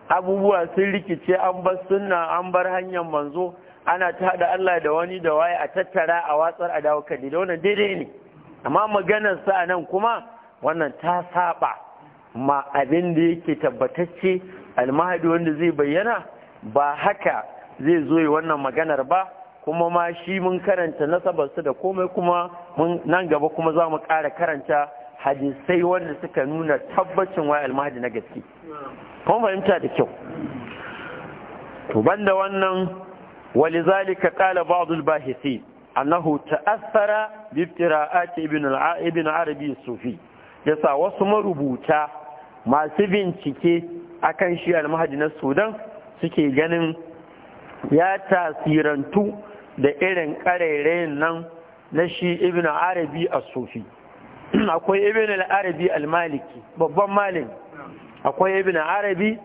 abubuwa sun rikice an bar sunna an bar hanyar manzo ana ta haɗa Allah da wani da waye a tattara a watsar a dawo kadi da wannan daidai ne amma maganar sa nan kuma wannan ta saba ma abin da yake tabbatacce almahadi wanda zai bayyana ba haka zai zo yi wannan maganar ba kuma ma shi mun karanta nasabarsa da komai kuma nan gaba kuma za mu ƙara karanta hadisai wanda suka nuna tabbacin al almahadi na gaske kuma fahimta da kyau to banda wannan walizalika qala ba'd al-bahisin annahu ta'athara bi qira'ati ibn al-ibn arabi sufi yasa wasu marubuta masu bincike akan shi almahadi na sudan suke ganin ya tasirantu da irin ƙarairayin nan na shi ibn arabi a sufi akwai ibn al-arabi al-maliki babban malami akwai ibn arabi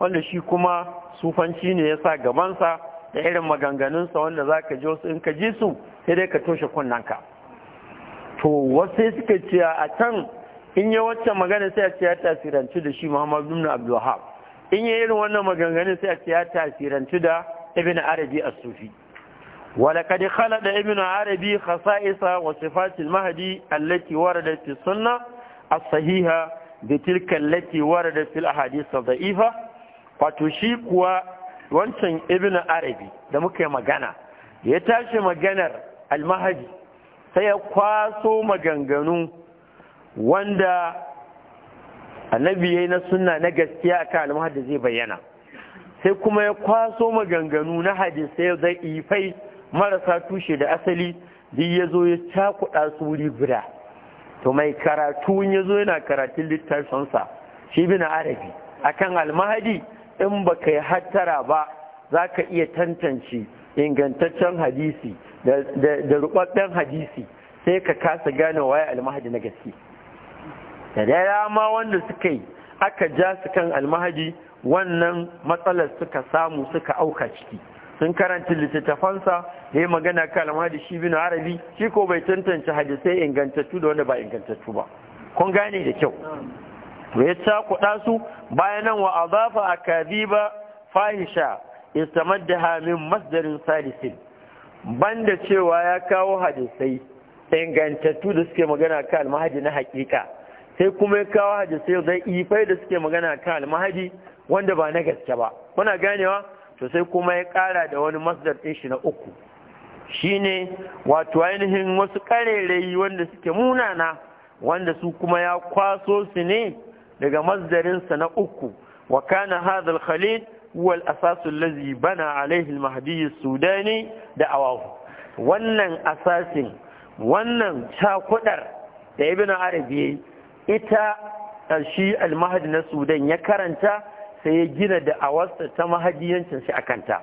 wanda shi kuma sufanci ne ya sa gabansa da irin maganganunsa wanda za ka su, in ka ji su sai dai ka toshe kunnanka to wasu suka ce a can in yi wacce magana sai a ce ya tasiranci da shi muhammadu ibn abdulhab in yi irin wannan maganganun sai a ce ya tasiranci da ibn arabi as-sufi ولقد خلد ابن عربي خصائص وصفات المهدي التي وردت في السنة الصحيحة بتلك التي وردت في الأحاديث الضعيفة وتشيك wancan ibn arabi da muka yi magana ya tashi maganar almahadi sai ya kwaso maganganu wanda annabi ya yi na sunna na gaskiya akan almahadi zai bayyana sai kuma ya kwaso maganganu na hadisai da marasa tushe da asali duk ya zo ya cakuɗa su wuri guda to mai karatu ya zo yana karatun littafinsa shi bi na arabi akan almahadi in ba ka yi hattara ba za ka iya tantance ingantaccen hadisi da rubabben hadisi sai ka kasa gane waye almahadi na gaske da ma wanda suka yi aka ja su kan almahadi wannan matsalar suka samu suka auka ciki sun karanta littattafansa da ya magana kalama da shi bin arabi shi ko bai tantance hadisai ingantattu da wanda ba ingantattu ba kun gane da kyau to ya kuɗa su bayan nan wa azafa akadiba fahisha istamaddaha min masdarin salisin banda cewa ya kawo hadisai ingantattu da suke magana kan almahadi na hakika sai kuma ya kawo hadisai zai ifai da suke magana kan almahadi wanda ba na gaske ba kuna ganewa to sai kuma ya ƙara da wani masdar ɗin shi na uku shine wato ainihin wasu ƙarerayi wanda suke munana wanda su kuma ya kwaso su ne daga masdarinsa na uku wa kana hadha al-khalid huwa al-asas allazi bana alayhi al-mahdi al sudani da awahu wannan asasin wannan cakudar da ibn arabi ita shi al-mahdi na sudan ya karanta sai ya gina da awarsa ta mahajiyancin shi kanta?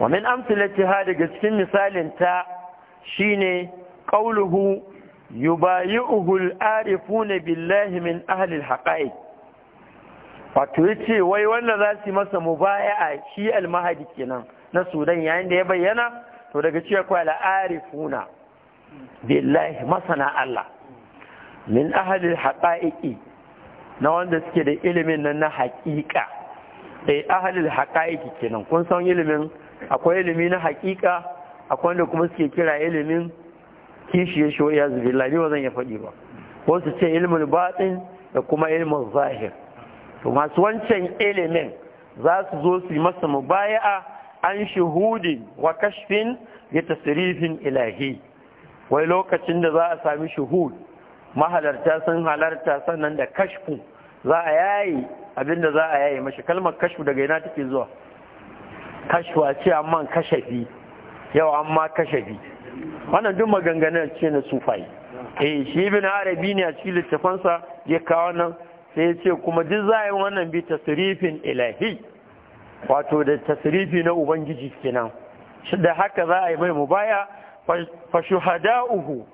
wa min amsalati ha daga cikin misalin ta shine ƙauluhu yubayi'uhu al-arifuna billahi min ahli haƙa'i. Wato wato ce, wai wanda za su masa mu baya a shi al-mahadi kenan na Sudan yayin da ya bayyana to daga cewa kwa al billahi masana Allah min ahlil haƙa'i'i na wanda suke da ilimin nan na haƙiƙa eh ahalil haƙa'iki kenan kun san ilimin akwai ilimi na haƙiƙa akwai wanda kuma suke kira ilimin kishiye shi wa yazu ba zan ya faɗi ba wasu ce ilimin batin da kuma ilimin zahir to masu wancan ilimin za su zo su yi masa mubaya'a an shuhudin wa kashfin ya tasirifin ilahi wai lokacin da za a sami shuhud mahalarta sun halarta sannan da kashfu za a yayi abinda za a yayi mashi kalmar kashfu daga yana take zuwa kashwa ce amma kashafi yau amma kashafi wannan duk maganganar ce na sufai eh shi ibn arabi ne a cikin littafansa ya kawo nan sai ya ce kuma duk za a yi wannan bi tasrifin ilahi wato da tasrifi na ubangiji kenan shi da haka za a yi mai mubaya fa shuhada'uhu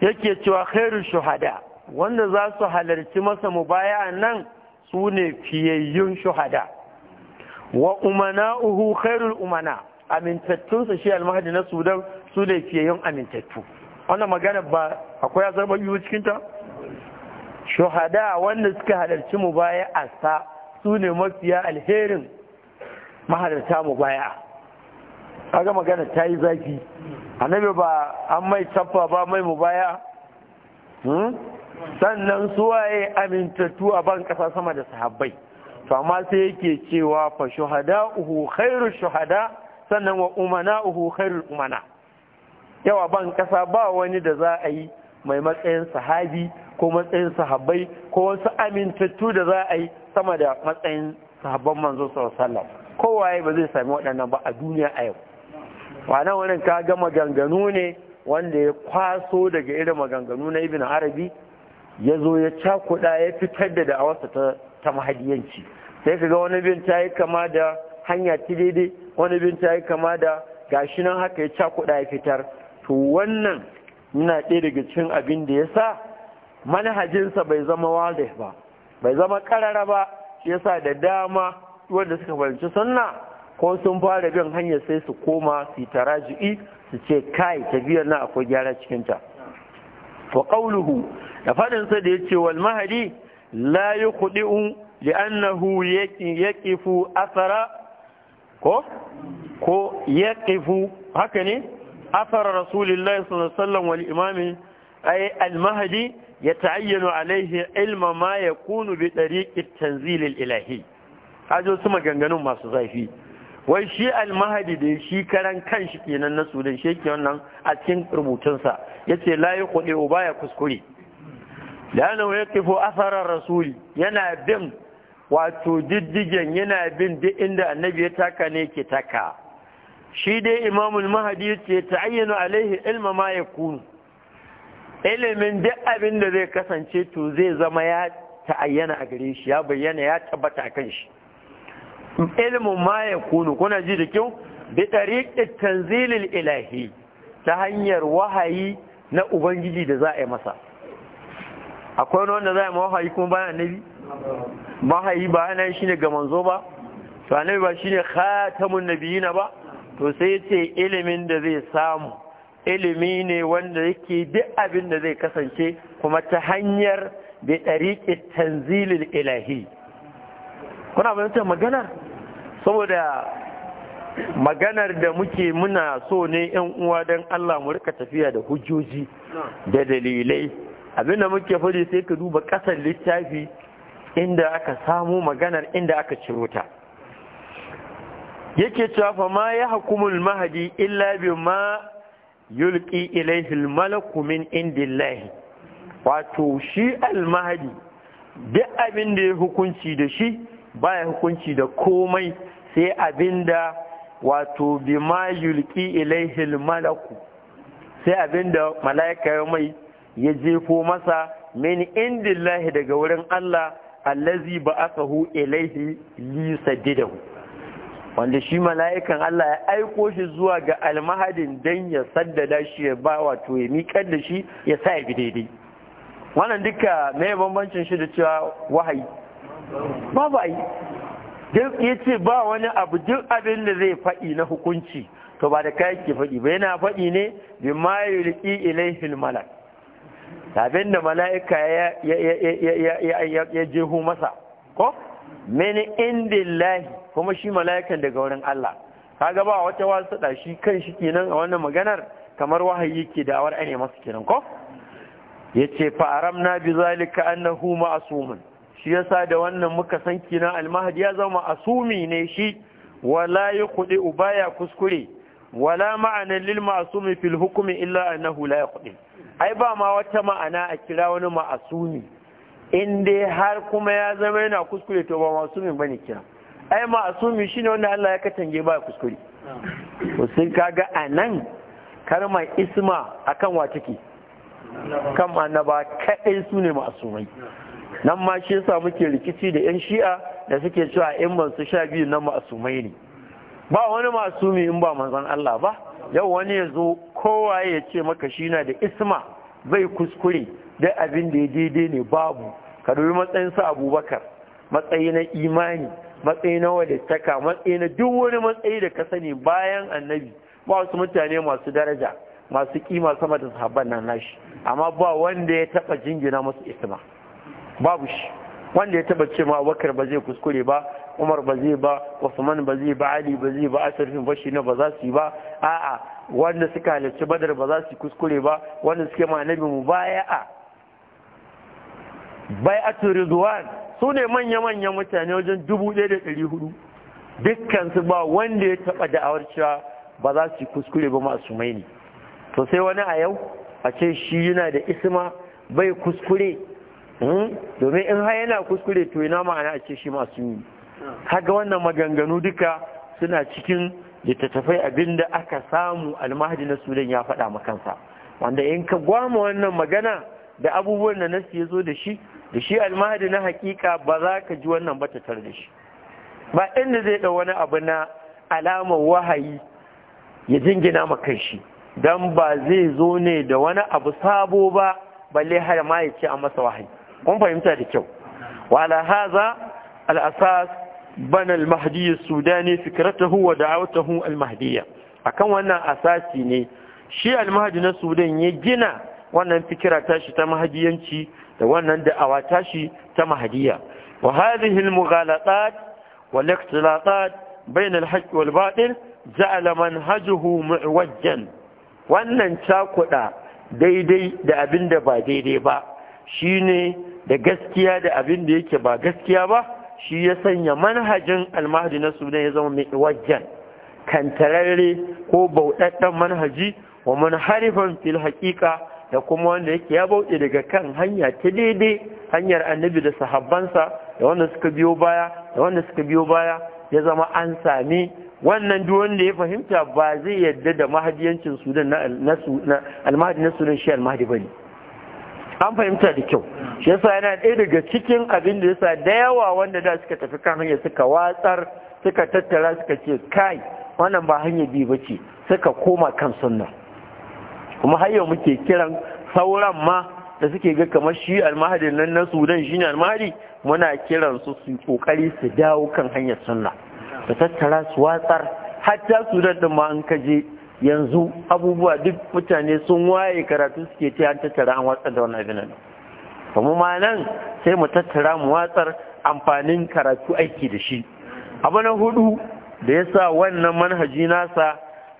yake cewa khairu shuhada wanda za su halarci masa mubaya nan su ne fiyayyun shuhada wa umana'uhu khairul umana su shi almahadi na sudan su ne fiyayyun amintattu wannan magana ba akwai zarba yiwu cikinta shuhada wanda suka halarci mubaya sa su ne mafiya alherin mahalarta mubaya kaga magana ta yi zafi annabi ba an mai tafa ba mai mu baya hmm? sannan suwaye amintattu a ban kasa sama da sahabbai to amma sai yake cewa fa uhu khairu shuhada sannan wa uhu khairu umana yawa ban kasa ba wani da za a yi mai matsayin sahabi ko matsayin sahabbai ko wasu amintattu da za a yi sama da matsayin sahabban manzo sallallahu alaihi wasallam kowaye ba zai sami waɗannan ba a duniya a yau wane wurin ka ga maganganu ne wanda ya kwaso daga irin maganganu na ibn arabi ya zo ya cakuɗa ya fitar da da'awarsa ta ta mahadiyanci sai ka ga wani bin ta yi kama da hanya ta daidai wani bin ta yi kama da gashi nan haka ya cakuɗa ya fitar to wannan yana ɗaya daga cikin abin da ya sa manhajinsa bai zama wadih ba bai zama karara ba shi sa da dama wanda suka fahimci sunna ko sun fara bin hanyar sai su koma su taraji'i su ce kai tafiyar na akwai gyara cikinta fa qawluhu da fadin sa da yace wal mahdi la yukhdi'u li'annahu yaqifu athara ko ko yaqifu haka ne athara rasulillahi sallallahu alaihi wasallam wal ay al mahdi yata'ayyanu alaihi ilma ma yakunu bi tariqi at-tanzil al-ilahi hajo su maganganun masu zafi wai shi almahadi da shi karan kan shi kenan na sudan shi wannan a cikin rubutunsa ya ce layi kuɗe o baya kuskure lana ya kifo asarar rasuli yana bin wato diddigen yana bin duk inda annabi ya taka ne ke taka shi dai imamul mahadi ce ta ayyana alaihi ilma ma ya kunu ilimin duk abin da zai kasance to zai zama ya ta'ayyana a gare shi ya bayyana ya tabbata a kan shi ilmin ma ya kunu kuna ji da kyau bi tariqi tanzilil ilahi ta hanyar wahayi na ubangiji da za a yi masa akwai wani wanda za a yi wahayi kuma bayan annabi wahayi ba yana shine ga manzo ba to annabi ba shine khatamun nabiyina ba to sai ce ilimin da zai samu ilimi ne wanda yake duk abin da zai kasance kuma ta hanyar bi tariqi tanzilil ilahi kuna fahimtar maganar saboda maganar da muke muna so ne yan uwa don Allah mu rika tafiya da hujjoji da dalilai abinda muke fadi sai ka duba ƙasan littafi inda aka samu maganar inda aka ciro ta yake cewa fa ma ya hukumul Mahdi, illa bi ma yulqi ilayhi al min indillahi wato shi al mahdi duk abin da ya hukunci da shi baya hukunci da komai sai abinda wato bima yulki ilaihi malaku sai abinda mala'ika ya mai ya ko masa min indillahi daga wurin Allah allazi ba'athahu ilaihi li sadidahu wanda shi mala'ikan Allah ya aiko shi zuwa ga almahadin dan ya saddada shi ya ba wato ya miƙar da shi ya sa ya daidai wannan duka mai bambancin shi da cewa wahayi babu ai duk ya ce ba wani abu duk abin da zai faɗi na hukunci to ba da kai ke faɗi ba yana faɗi ne bi ma yulqi ilayhi malak abin da mala'ika ya ya ya jehu masa ko mini indillahi kuma shi mala'ikan daga wurin Allah kaga ba wata wasu da shi kan shi kenan a wannan maganar kamar wahayi yake da awar ane masa kenan ko yace fa aramna bi zalika annahu ma'sumun shi yasa da wannan muka san kina almahdi ya zama asumi ne shi wala yuqdi ubaya kuskure wala ma'ana lil ma'sumi fil hukmi illa annahu la yaqdi ai ba ma wata ma'ana a kira wani ma'asumi in dai har kuma ya zama yana kuskure to ba ma'asumi bane kira ai ma'asumi shine wanda Allah ya katange ba kuskure to sun kaga anan karma isma akan wa take kan annaba kaɗai su ne masumai nan ma shi yasa muke rikici da yan shi'a da suke cewa in ban sha biyu nan masumai ne ba wani masumi in ba manzon Allah ba yau wani ya zo kowa ya ce maka shi na da isma zai kuskure da abin da ya daidai ne babu ka dubi matsayin sa abubakar matsayi na imani matsayi na Wadataka, matsayi na duk wani matsayi da ka sani bayan annabi ba wasu mutane masu daraja masu kima sama da sahabban nan nashi amma ba wanda ya taba jingina masu isma babu shi wanda ya taba ce ma abubakar ba zai kuskure ba umar ba zai ba usman ba zai ba ali ba zai ba Asarfin bashi na ba za su yi ba a'a wanda suka halarci badar ba za su kuskure ba wanda suke ma annabi mu a bai'atu ridwan su ne manya-manyan mutane wajen dubu ɗaya da ɗari hudu dukkan su ba wanda ya taɓa da'awar cewa ba za su kuskure ba masu mai ne to sai wani a yau a ce shi yana da isma bai kuskure Hmm? domin in har yana kuskure to yana ma'ana a ce shi masu yi haka wannan maganganu duka suna cikin littattafai abinda aka samu almahadi na sudan ya faɗa ma kansa wanda in ka gwama wannan magana da abubuwan da nasi ya zo da shi da shi almahadi na hakika ba za ka ji wannan ba da shi ba inda zai ɗau wani abu na alamar wahayi ya jingina ma kan shi don ba zai zo ne da wani abu sabo ba balle har ma ya ce a masa wahayi kun fahimta da kyau wala haza al'asas bana al-mahdi sudani fikratahu wa da'awatahu al-mahdiyya akan wannan asasi ne shi al-mahdi na sudan ya gina wannan fikira tashi ta mahdiyanci da wannan da'awa tashi ta mahdiyya wa hadhihi al-mughalatat wal ikhtilatat bain al-haqq wal batil ja'ala manhajuhu mu'wajjan wannan cakuda daidai da abinda ba daidai ba Shi ne da gaskiya da abin da yake ba gaskiya ba shi ya sanya manhajin almahdi na sudan ya zama mai wajen kantararre ko bauɗaɗɗen manhaji wa manharifan fil haƙiƙa da kuma wanda yake ya bauɗe daga kan hanya ta daidai hanyar annabi da sahabbansa da wanda suka biyo baya da wanda suka biyo baya ya zama an sami wannan duk wanda ya fahimta ba zai yadda da mahadiyancin sudan na almahadi na sudan shi almahadi ne. an fahimta da kyau shi yasa yana ɗaya daga cikin abin da yasa da yawa wanda da suka tafi kan hanya suka watsar suka tattara suka ce kai wannan ba hanya bi ba ce suka koma kan sunna kuma har yau muke kiran sauran ma da suke ga kamar shi almahadin nan na sudan shi ne almahadi muna kiran su su kokari su dawo kan hanyar sunna su tattara su watsar hatta sudan din ma an kaje yanzu abubuwa duk mutane sun waye karatu suke ce an tattara an watsar da wani abinan nan kuma ma nan sai mu tattara mu watsar amfanin karatu aiki da shi abu na hudu da ya sa wannan manhaji nasa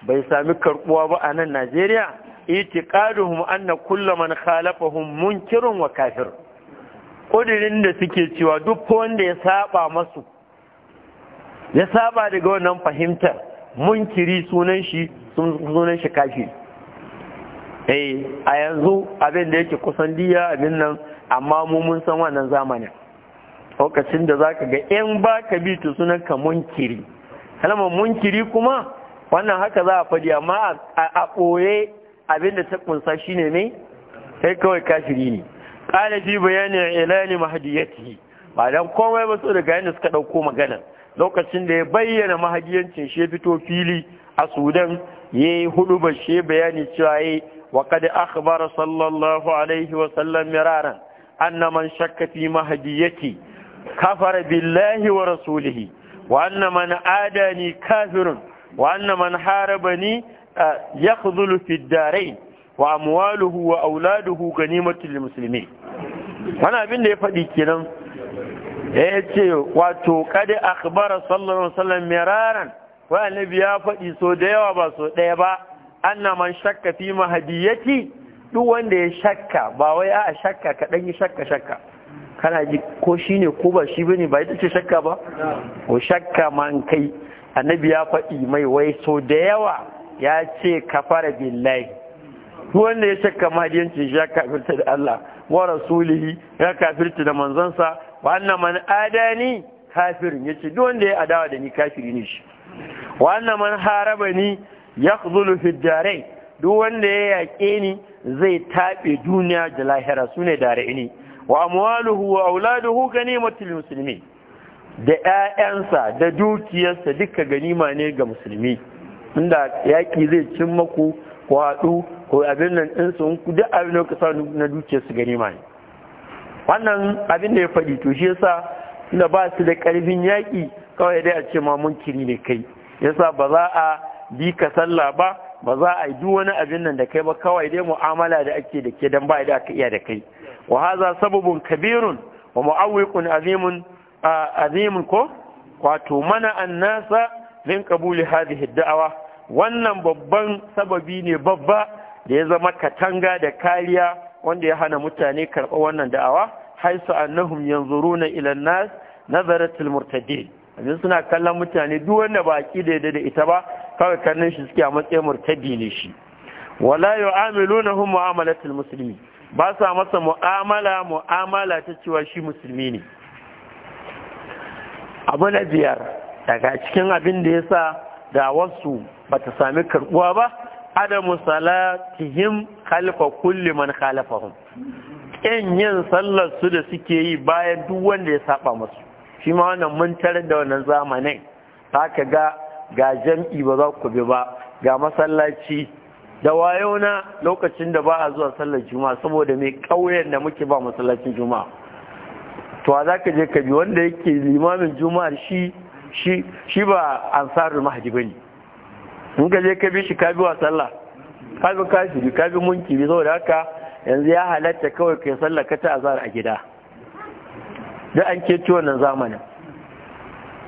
bai sami karbuwa ba a nan Najeriya itiqaduhum anna kulla man khalafahum munkirun wa kafir kudirin da suke cewa duk wanda ya saba masu ya saba daga wannan fahimtar munkiri sunan shi sun sunan shi kashi eh a yanzu abin da yake kusan diya abin nan amma mu mun san wannan zamanin lokacin da zaka ga in ba ka bi to sunan ka munkiri kalmar munkiri kuma wannan haka za a faɗi amma a ɓoye abin da ta kunsa shine ne sai kawai kashiri ne ƙala fi bayani ilani mahdiyatihi ba dan komai ba so daga yanda suka ɗauko magana lokacin da ya bayyana mahadiyancin shi ya fito fili a sudan yi hudu ba shi bayani cewa yi eh, wa kada akhbara sallallahu alaihi wa sallam miraran anna man shakka fi mahdiyati kafara billahi wa rasulihi wa anna man adani kafirun wa anna man harabani yakhdhulu fi ad-darain wa amwaluhu wa auladuhu ganimatul muslimin wani abin da ya faɗi kenan ya ce wato kada akhbara sallallahu alaihi wasallam miraran wa annabi ya faɗi so da yawa ba so ɗaya ba anna man shakka fi mahdiyati duk wanda ya shakka ba wai a shakka ka dan yi shakka shakka kana ji ko shine ko ba shi bane ba ita ce shakka ba ko shakka man kai annabi ya faɗi mai wai so da yawa ya ce kafara billahi duk wanda ya shakka mahdiyanci ya kafirta da Allah wa rasulihi ya kafirta da manzansa wa anna man adani kafirin yace duk wanda ya adawa da ni kafiri ne shi wannan man haraba ni ya fijjarai duk wanda ya yaƙe ni zai taɓe duniya da lahira su ne dare ni wa amwaluhu wa auladuhu ganimatul muslimin da ƴaƴansa da dukiyarsa duka ganima ne ga musulmi inda yaƙi zai cin maku ko haɗu ko abin nan ɗin su duk abin da kusa na dukiyarsu ganima ne wannan abin da ya faɗi to shi yasa inda ba su da ƙarfin yaƙi kawai dai a ce ma munkiri ne kai yasa ba za a bi ka sallah ba ba za a yi duk wani abin nan da kai ba kawai dai mu'amala da ake da ke dan ba da aka iya da kai wa haza sababun kabirun wa mu'awwiqun azimun azimun ko wato mana annasa min qabuli hadhihi da'awa wannan babban sababi ne babba da ya zama katanga da kariya wanda ya hana mutane karɓa wannan da'awa haisu annahum yanzuruna ila nas nazaratul murtadin yanzu suna kallon mutane duk wanda ba aqida da da ita ba kawai kallon shi suke a matsayin murtadi ne shi wala yu'amilunahum mu'amalatul muslimi ba sa masa mu'amala mu'amala ta cewa shi musulmi ne abu na biyar daga cikin abin da yasa da wasu bata sami karbuwa ba adamu salatihim khalfa kulli man khalafahum kin yin sallar su da suke yi bayan duk wanda ya saba musu shi ma wannan mun tarar da wannan zamanin ka ga ga jam'i ba za ku bi ba ga masallaci da wayo na lokacin da ba a zuwa sallar juma'a saboda mai ƙauyen da muke ba masallacin juma'a to a za ka je ka bi wanda yake limamin juma'ar shi shi shi ba ansarul mahdi bane in ka je ka bi shi ka bi wa sallah ka bi kafiri ka bi bi. saboda haka yanzu ya halatta kawai kai sallar ka ta azhar a gida da an keci wannan zamanin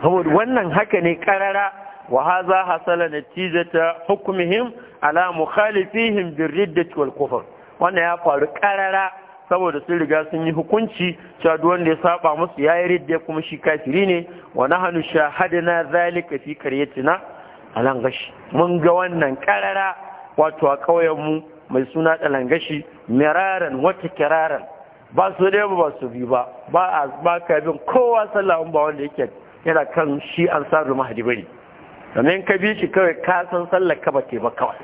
saboda wannan haka ne karara wa haza hasala tijata hukumihim ala mukhalifihim birriddati wal kufar. wannan ya faru ƙarara saboda sun riga sun yi hukunci cewa duk wanda ya saba musu yayi ridda kuma shi kafiri ne wa nahnu shahadna zalika fi qaryatina alangashi mun ga wannan ƙarara wato a kauyen mu mai suna dalangashi miraran wata kiraran ba su ne ba su bi ba ba a ba ka bin kowa sallah ba wanda yake yana kan shi an saru mahadi bane sannan ka bi shi kawai ka san sallar ka ba kawai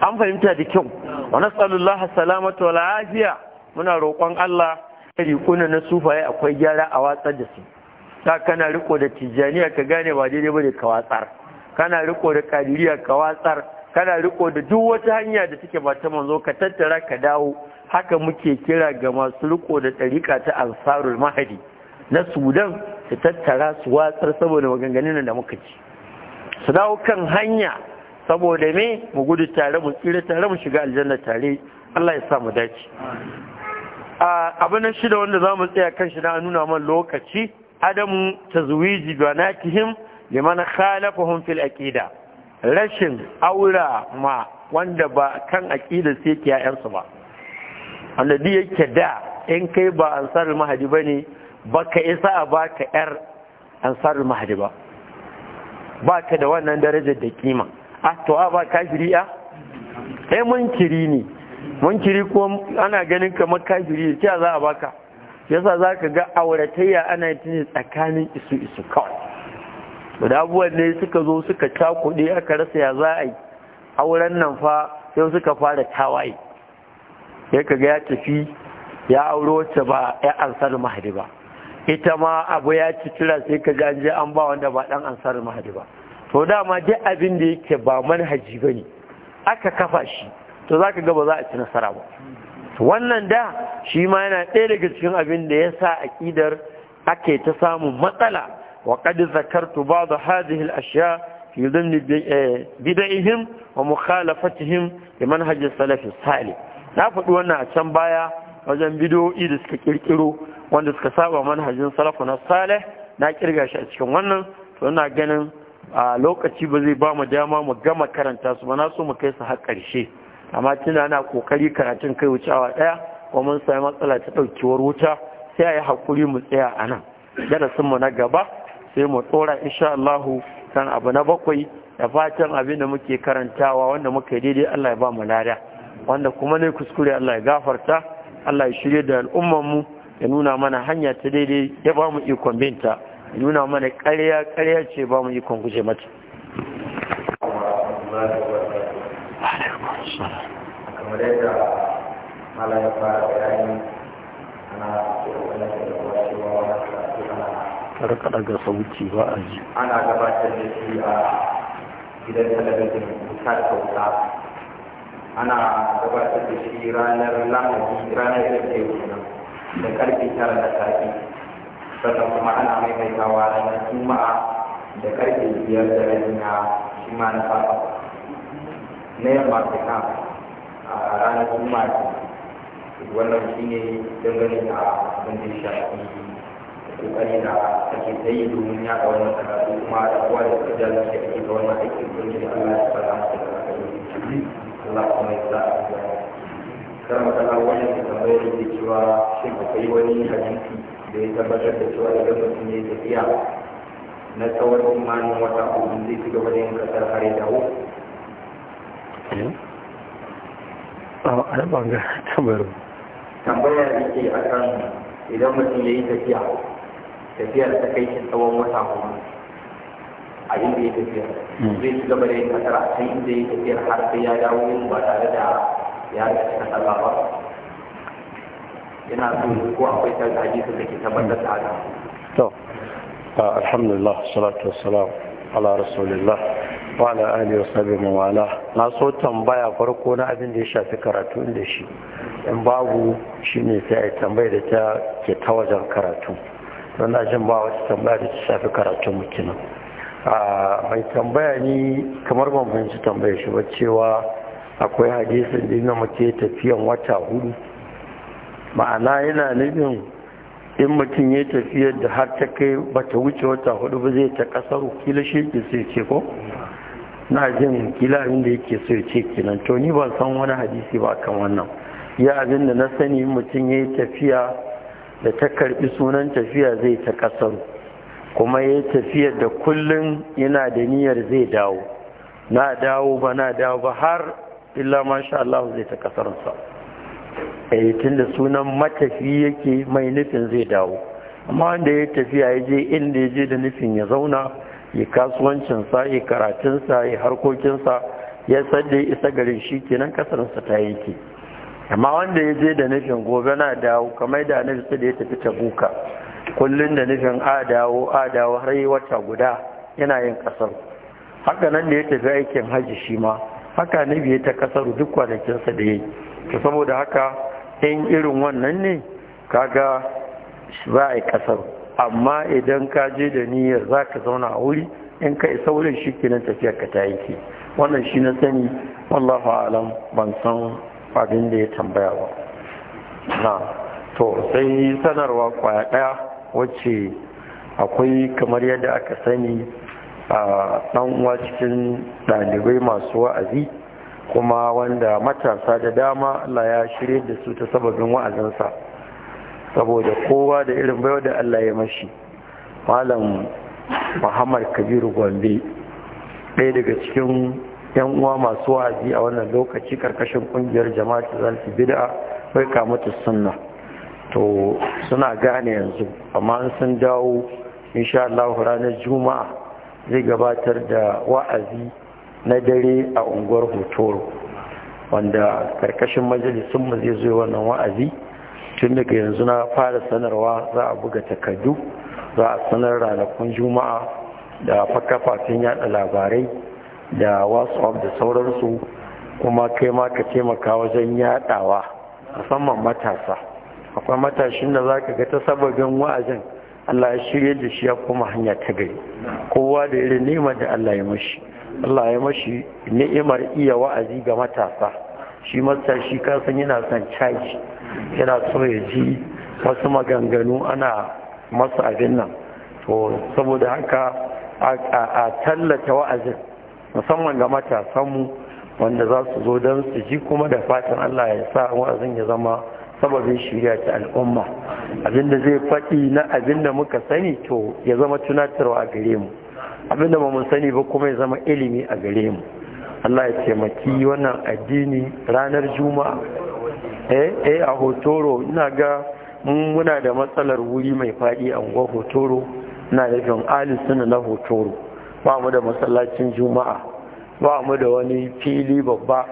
an fahimta da kyau wa nasallallahu salamatu wal afiya muna roƙon Allah rikuna na sufaye akwai gyara a watsar da su ta kana riko da tijjaniya ka gane ba daidai bane ka watsar kana riko da kadiriya ka watsar kana riko da duk wata hanya da take ba ta manzo ka tattara ka dawo haka muke kira ga masu riko da ɗariƙa ta ansarul mahadi na sudan su tattara su watsar saboda maganganun da muka ci su dawo kan hanya saboda me mu gudu tare mu tsira tare mu shiga aljanna tare Allah ya sa mu dace abu na shida wanda za mu tsaya kan shi na nuna man lokaci adamu tazwiji banatihim liman khalafahum fil aqida rashin aura ma wanda ba kan aƙidar sai ke ‘ya'yansu ba wanda duk yake da in kai ba ansarul mahadi ba ne ba ka isa a ba ka ‘yar ansarul mahadi ba ba ka da wannan darajar da kima a to a ba kafiri a sai munkiri ne munkiri ko ana ganin kamar kafiri ce za a baka yasa za ka ga auratayya ana yi tsakanin isu isu kawai to da abubuwan ne suka zo suka cakuɗe aka rasa ya za a yi auren nan fa sai suka fara tawaye ya kaga ya tafi ya auro wacce ba ya ansar mahadi ba ita ma abu ya ci tura sai ka ga je an ba wanda ba dan ansar mahadi ba to dama duk abin da yake ba manhaji ba ne aka kafa shi to za ka ga ba za a ci nasara ba wannan da shi ma yana ɗaya daga cikin abin da ya sa aƙidar ake ta samun matsala وقد ذكرت بعض هذه الأشياء في ضمن بدعهم ومخالفتهم لمنهج السلف الصالح na faɗi wannan a can baya wajen كيركيرو da suka kirkiro wanda suka saba manhajin salafu na salih na kirga shi a cikin wannan to ganin a lokaci ba zai ba mu dama mu gama karanta su ba na so mu kai su har ƙarshe amma tuna ana kokari karatun kai wucewa ɗaya ko mun sami matsala ta ɗaukewar wuta sai a yi haƙuri mu tsaya a nan darasinmu na gaba sai mu tsora insha Allah kan abu na bakwai da fatan abin da muke karantawa wanda muka daidai Allah ya ba mu lada wanda kuma ne kuskure Allah ya gafarta Allah ya shirye da al'ummar mu ya nuna mana hanya ta daidai ya ba mu ikon binta ya nuna mana ƙarya ƙarya ce ba mu ikon guje mata kamar yadda ya fara bayani ana karka ga sauti ba a ji ana gabatar da shi a gidan talabijin wuta da kauta ana gabatar da shi ranar lahadi ranar da ke kenan da karfe tara na safe sannan kuma ana maimaitawa ranar juma'a da karfe biyar da rabi na shi ma na fara na yamma kenan a ranar juma'a wannan shi ne dangane da abin da ya shafi kokari da ta yi domin ya ga wannan karatu kuma da kowa da suka jalla da ke ta wannan aikin domin da Allah ya fara masa da zakari Allah kuma ya sa a ga karan kana wannan da tambayar da ke cewa shin kai wani hadisi da ya tabbatar da cewa idan mutum ya tafiya na tsawon imanin wata uku zai ci gaba da yin kasar har ya dawo a yi ah, ban ga tambayar tambayar da ke akan idan mutum ya yi tafiya tafiyar ta kai shi tsawon wata hudu a inda ya tafiya hmm. zai ci gaba da yin kasar a can inda ya tafiyar har sai ya dawo yin ba tare da ya rika cikin sallah ba yana so ko akwai ta hadisin da ke tabbatar da haka to alhamdulillah salatu wassalam ala rasulillah wa ala alihi wa sahbihi wa wala na so tambaya farko na abin da ya shafi karatu da shi in babu shine sai a tambaya da ta ke ta wajen karatu to na jin ba wata tambaya da ta shafi karatun mu kenan a mai tambaya ni kamar ban fahimci tambaya shi ba cewa akwai hadisin da yana mace tafiyan wata hudu ma'ana yana nufin in mutum ya tafiya da har ta kai bata wuce wata hudu ba zai ta kasar kila shi ke sai ce ko na jin kila abin da yake so ya ce kenan to ni ban san wani hadisi ba kan wannan ya abin da na sani mutum ya yi tafiya da ta karbi sunan tafiya zai ta ƙasar kuma ya yi tafiyar da kullum yana da niyyar zai dawo na dawo ba na dawo ba har illa masha Allah zai ta kasarsa tun eh, tunda sunan matafi yake mai nufin zai dawo amma wanda ya tafiya ya je inda ya je da nufin ya zauna ya kasuwancinsa ya karatunsa ya harkokinsa ya sadda isa garin shi kenan kasarsa ta yake amma wanda ya je da nufin gobe na dawo kamar da nufin da ya tafi tabuka kullum da nufin a dawo a dawo har yi wata guda yana yin kasar haka nan da ya tafi aikin haji shi ma haka na ya ta kasar duk kwanakinsa da ya yi to saboda haka in irin wannan ne kaga za a yi kasar amma idan ka je da niyyar za ka zauna a wuri in ka isa wurin shi kenan tafiyar ka ta yi ke wannan shi na sani wallahu alam ban san abin da ya tambaya ba na to sai sanarwa kwaya daya wacce akwai kamar yadda aka sani a dan uwa cikin dalibai masu wa'azi kuma wanda matasa da dama Allah ya shirye da su ta sababin wa'azinsa saboda kowa da irin baiwa da Allah ya mashi malam Muhammad Kabiru Gombe ɗaya daga cikin yan uwa masu wa'azi a wannan lokaci karkashin kungiyar jama'atu zalfi bid'a bai mutu sunna to suna gane yanzu amma an sun dawo insha Allah ranar juma'a zai gabatar da wa'azi na dare a unguwar hotoro wanda karkashin majalisun mu zai zo wannan wa'azi tun daga yanzu na fara sanarwa za a buga takardu za a sanar ranakun juma'a da kafafen yada labarai da whatsapp da sauransu kuma kai ma ka taimaka wajen yadawa musamman matasa akwai matashin da za ka ga ta sababin wa'azin Allah ya shirye da shi ya kuma hanya ta gari kowa da irin neman da Allah ya mashi Allah ya mashi ni'imar iya wa'azi ga matasa shi matashi kasan yana son caji yana so ya ji wasu maganganu ana masa abin nan to saboda haka a tallata wa'azin musamman ga matasanmu wanda za su zo don su ji kuma da fatan Allah ya sa wa'azin ya zama sababin shirya ta al'umma abinda zai faɗi na abinda muka sani to ya zama tunatarwa a gare mu abinda ba mu sani ba kuma ya zama ilimi a gare mu Allah ya taimaki wannan addini ranar juma'a eh eh a hotoro ina ga muna da matsalar wuri mai faɗi a unguwar hotoro na da alisun na hotoro ba mu da masallacin juma'a ba mu da wani fili babba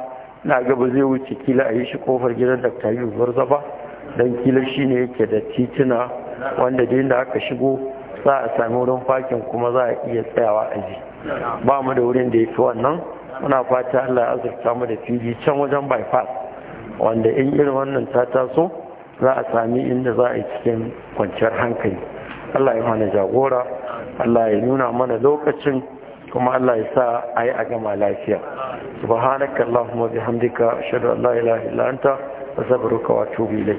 na gaba zai wuce kila a yi shi kofar gidan da ta yi ba don kila shine yake da tituna wanda da da aka shigo za a sami wurin fakin kuma za a iya tsayawa a ji ba mu da wurin da ya fi wannan muna fata allah ya azurta mu da fili can wajen bypass wanda in irin wannan ta taso za a sami inda za a yi cikin kwanciyar hankali allah ya mana jagora Allah ya nuna mana lokacin kuma Allah ya sa a yi a gama lafiya subhanakallahumma bihamdika hamdika an la ilaha illa anta astaghfiruka wa atubu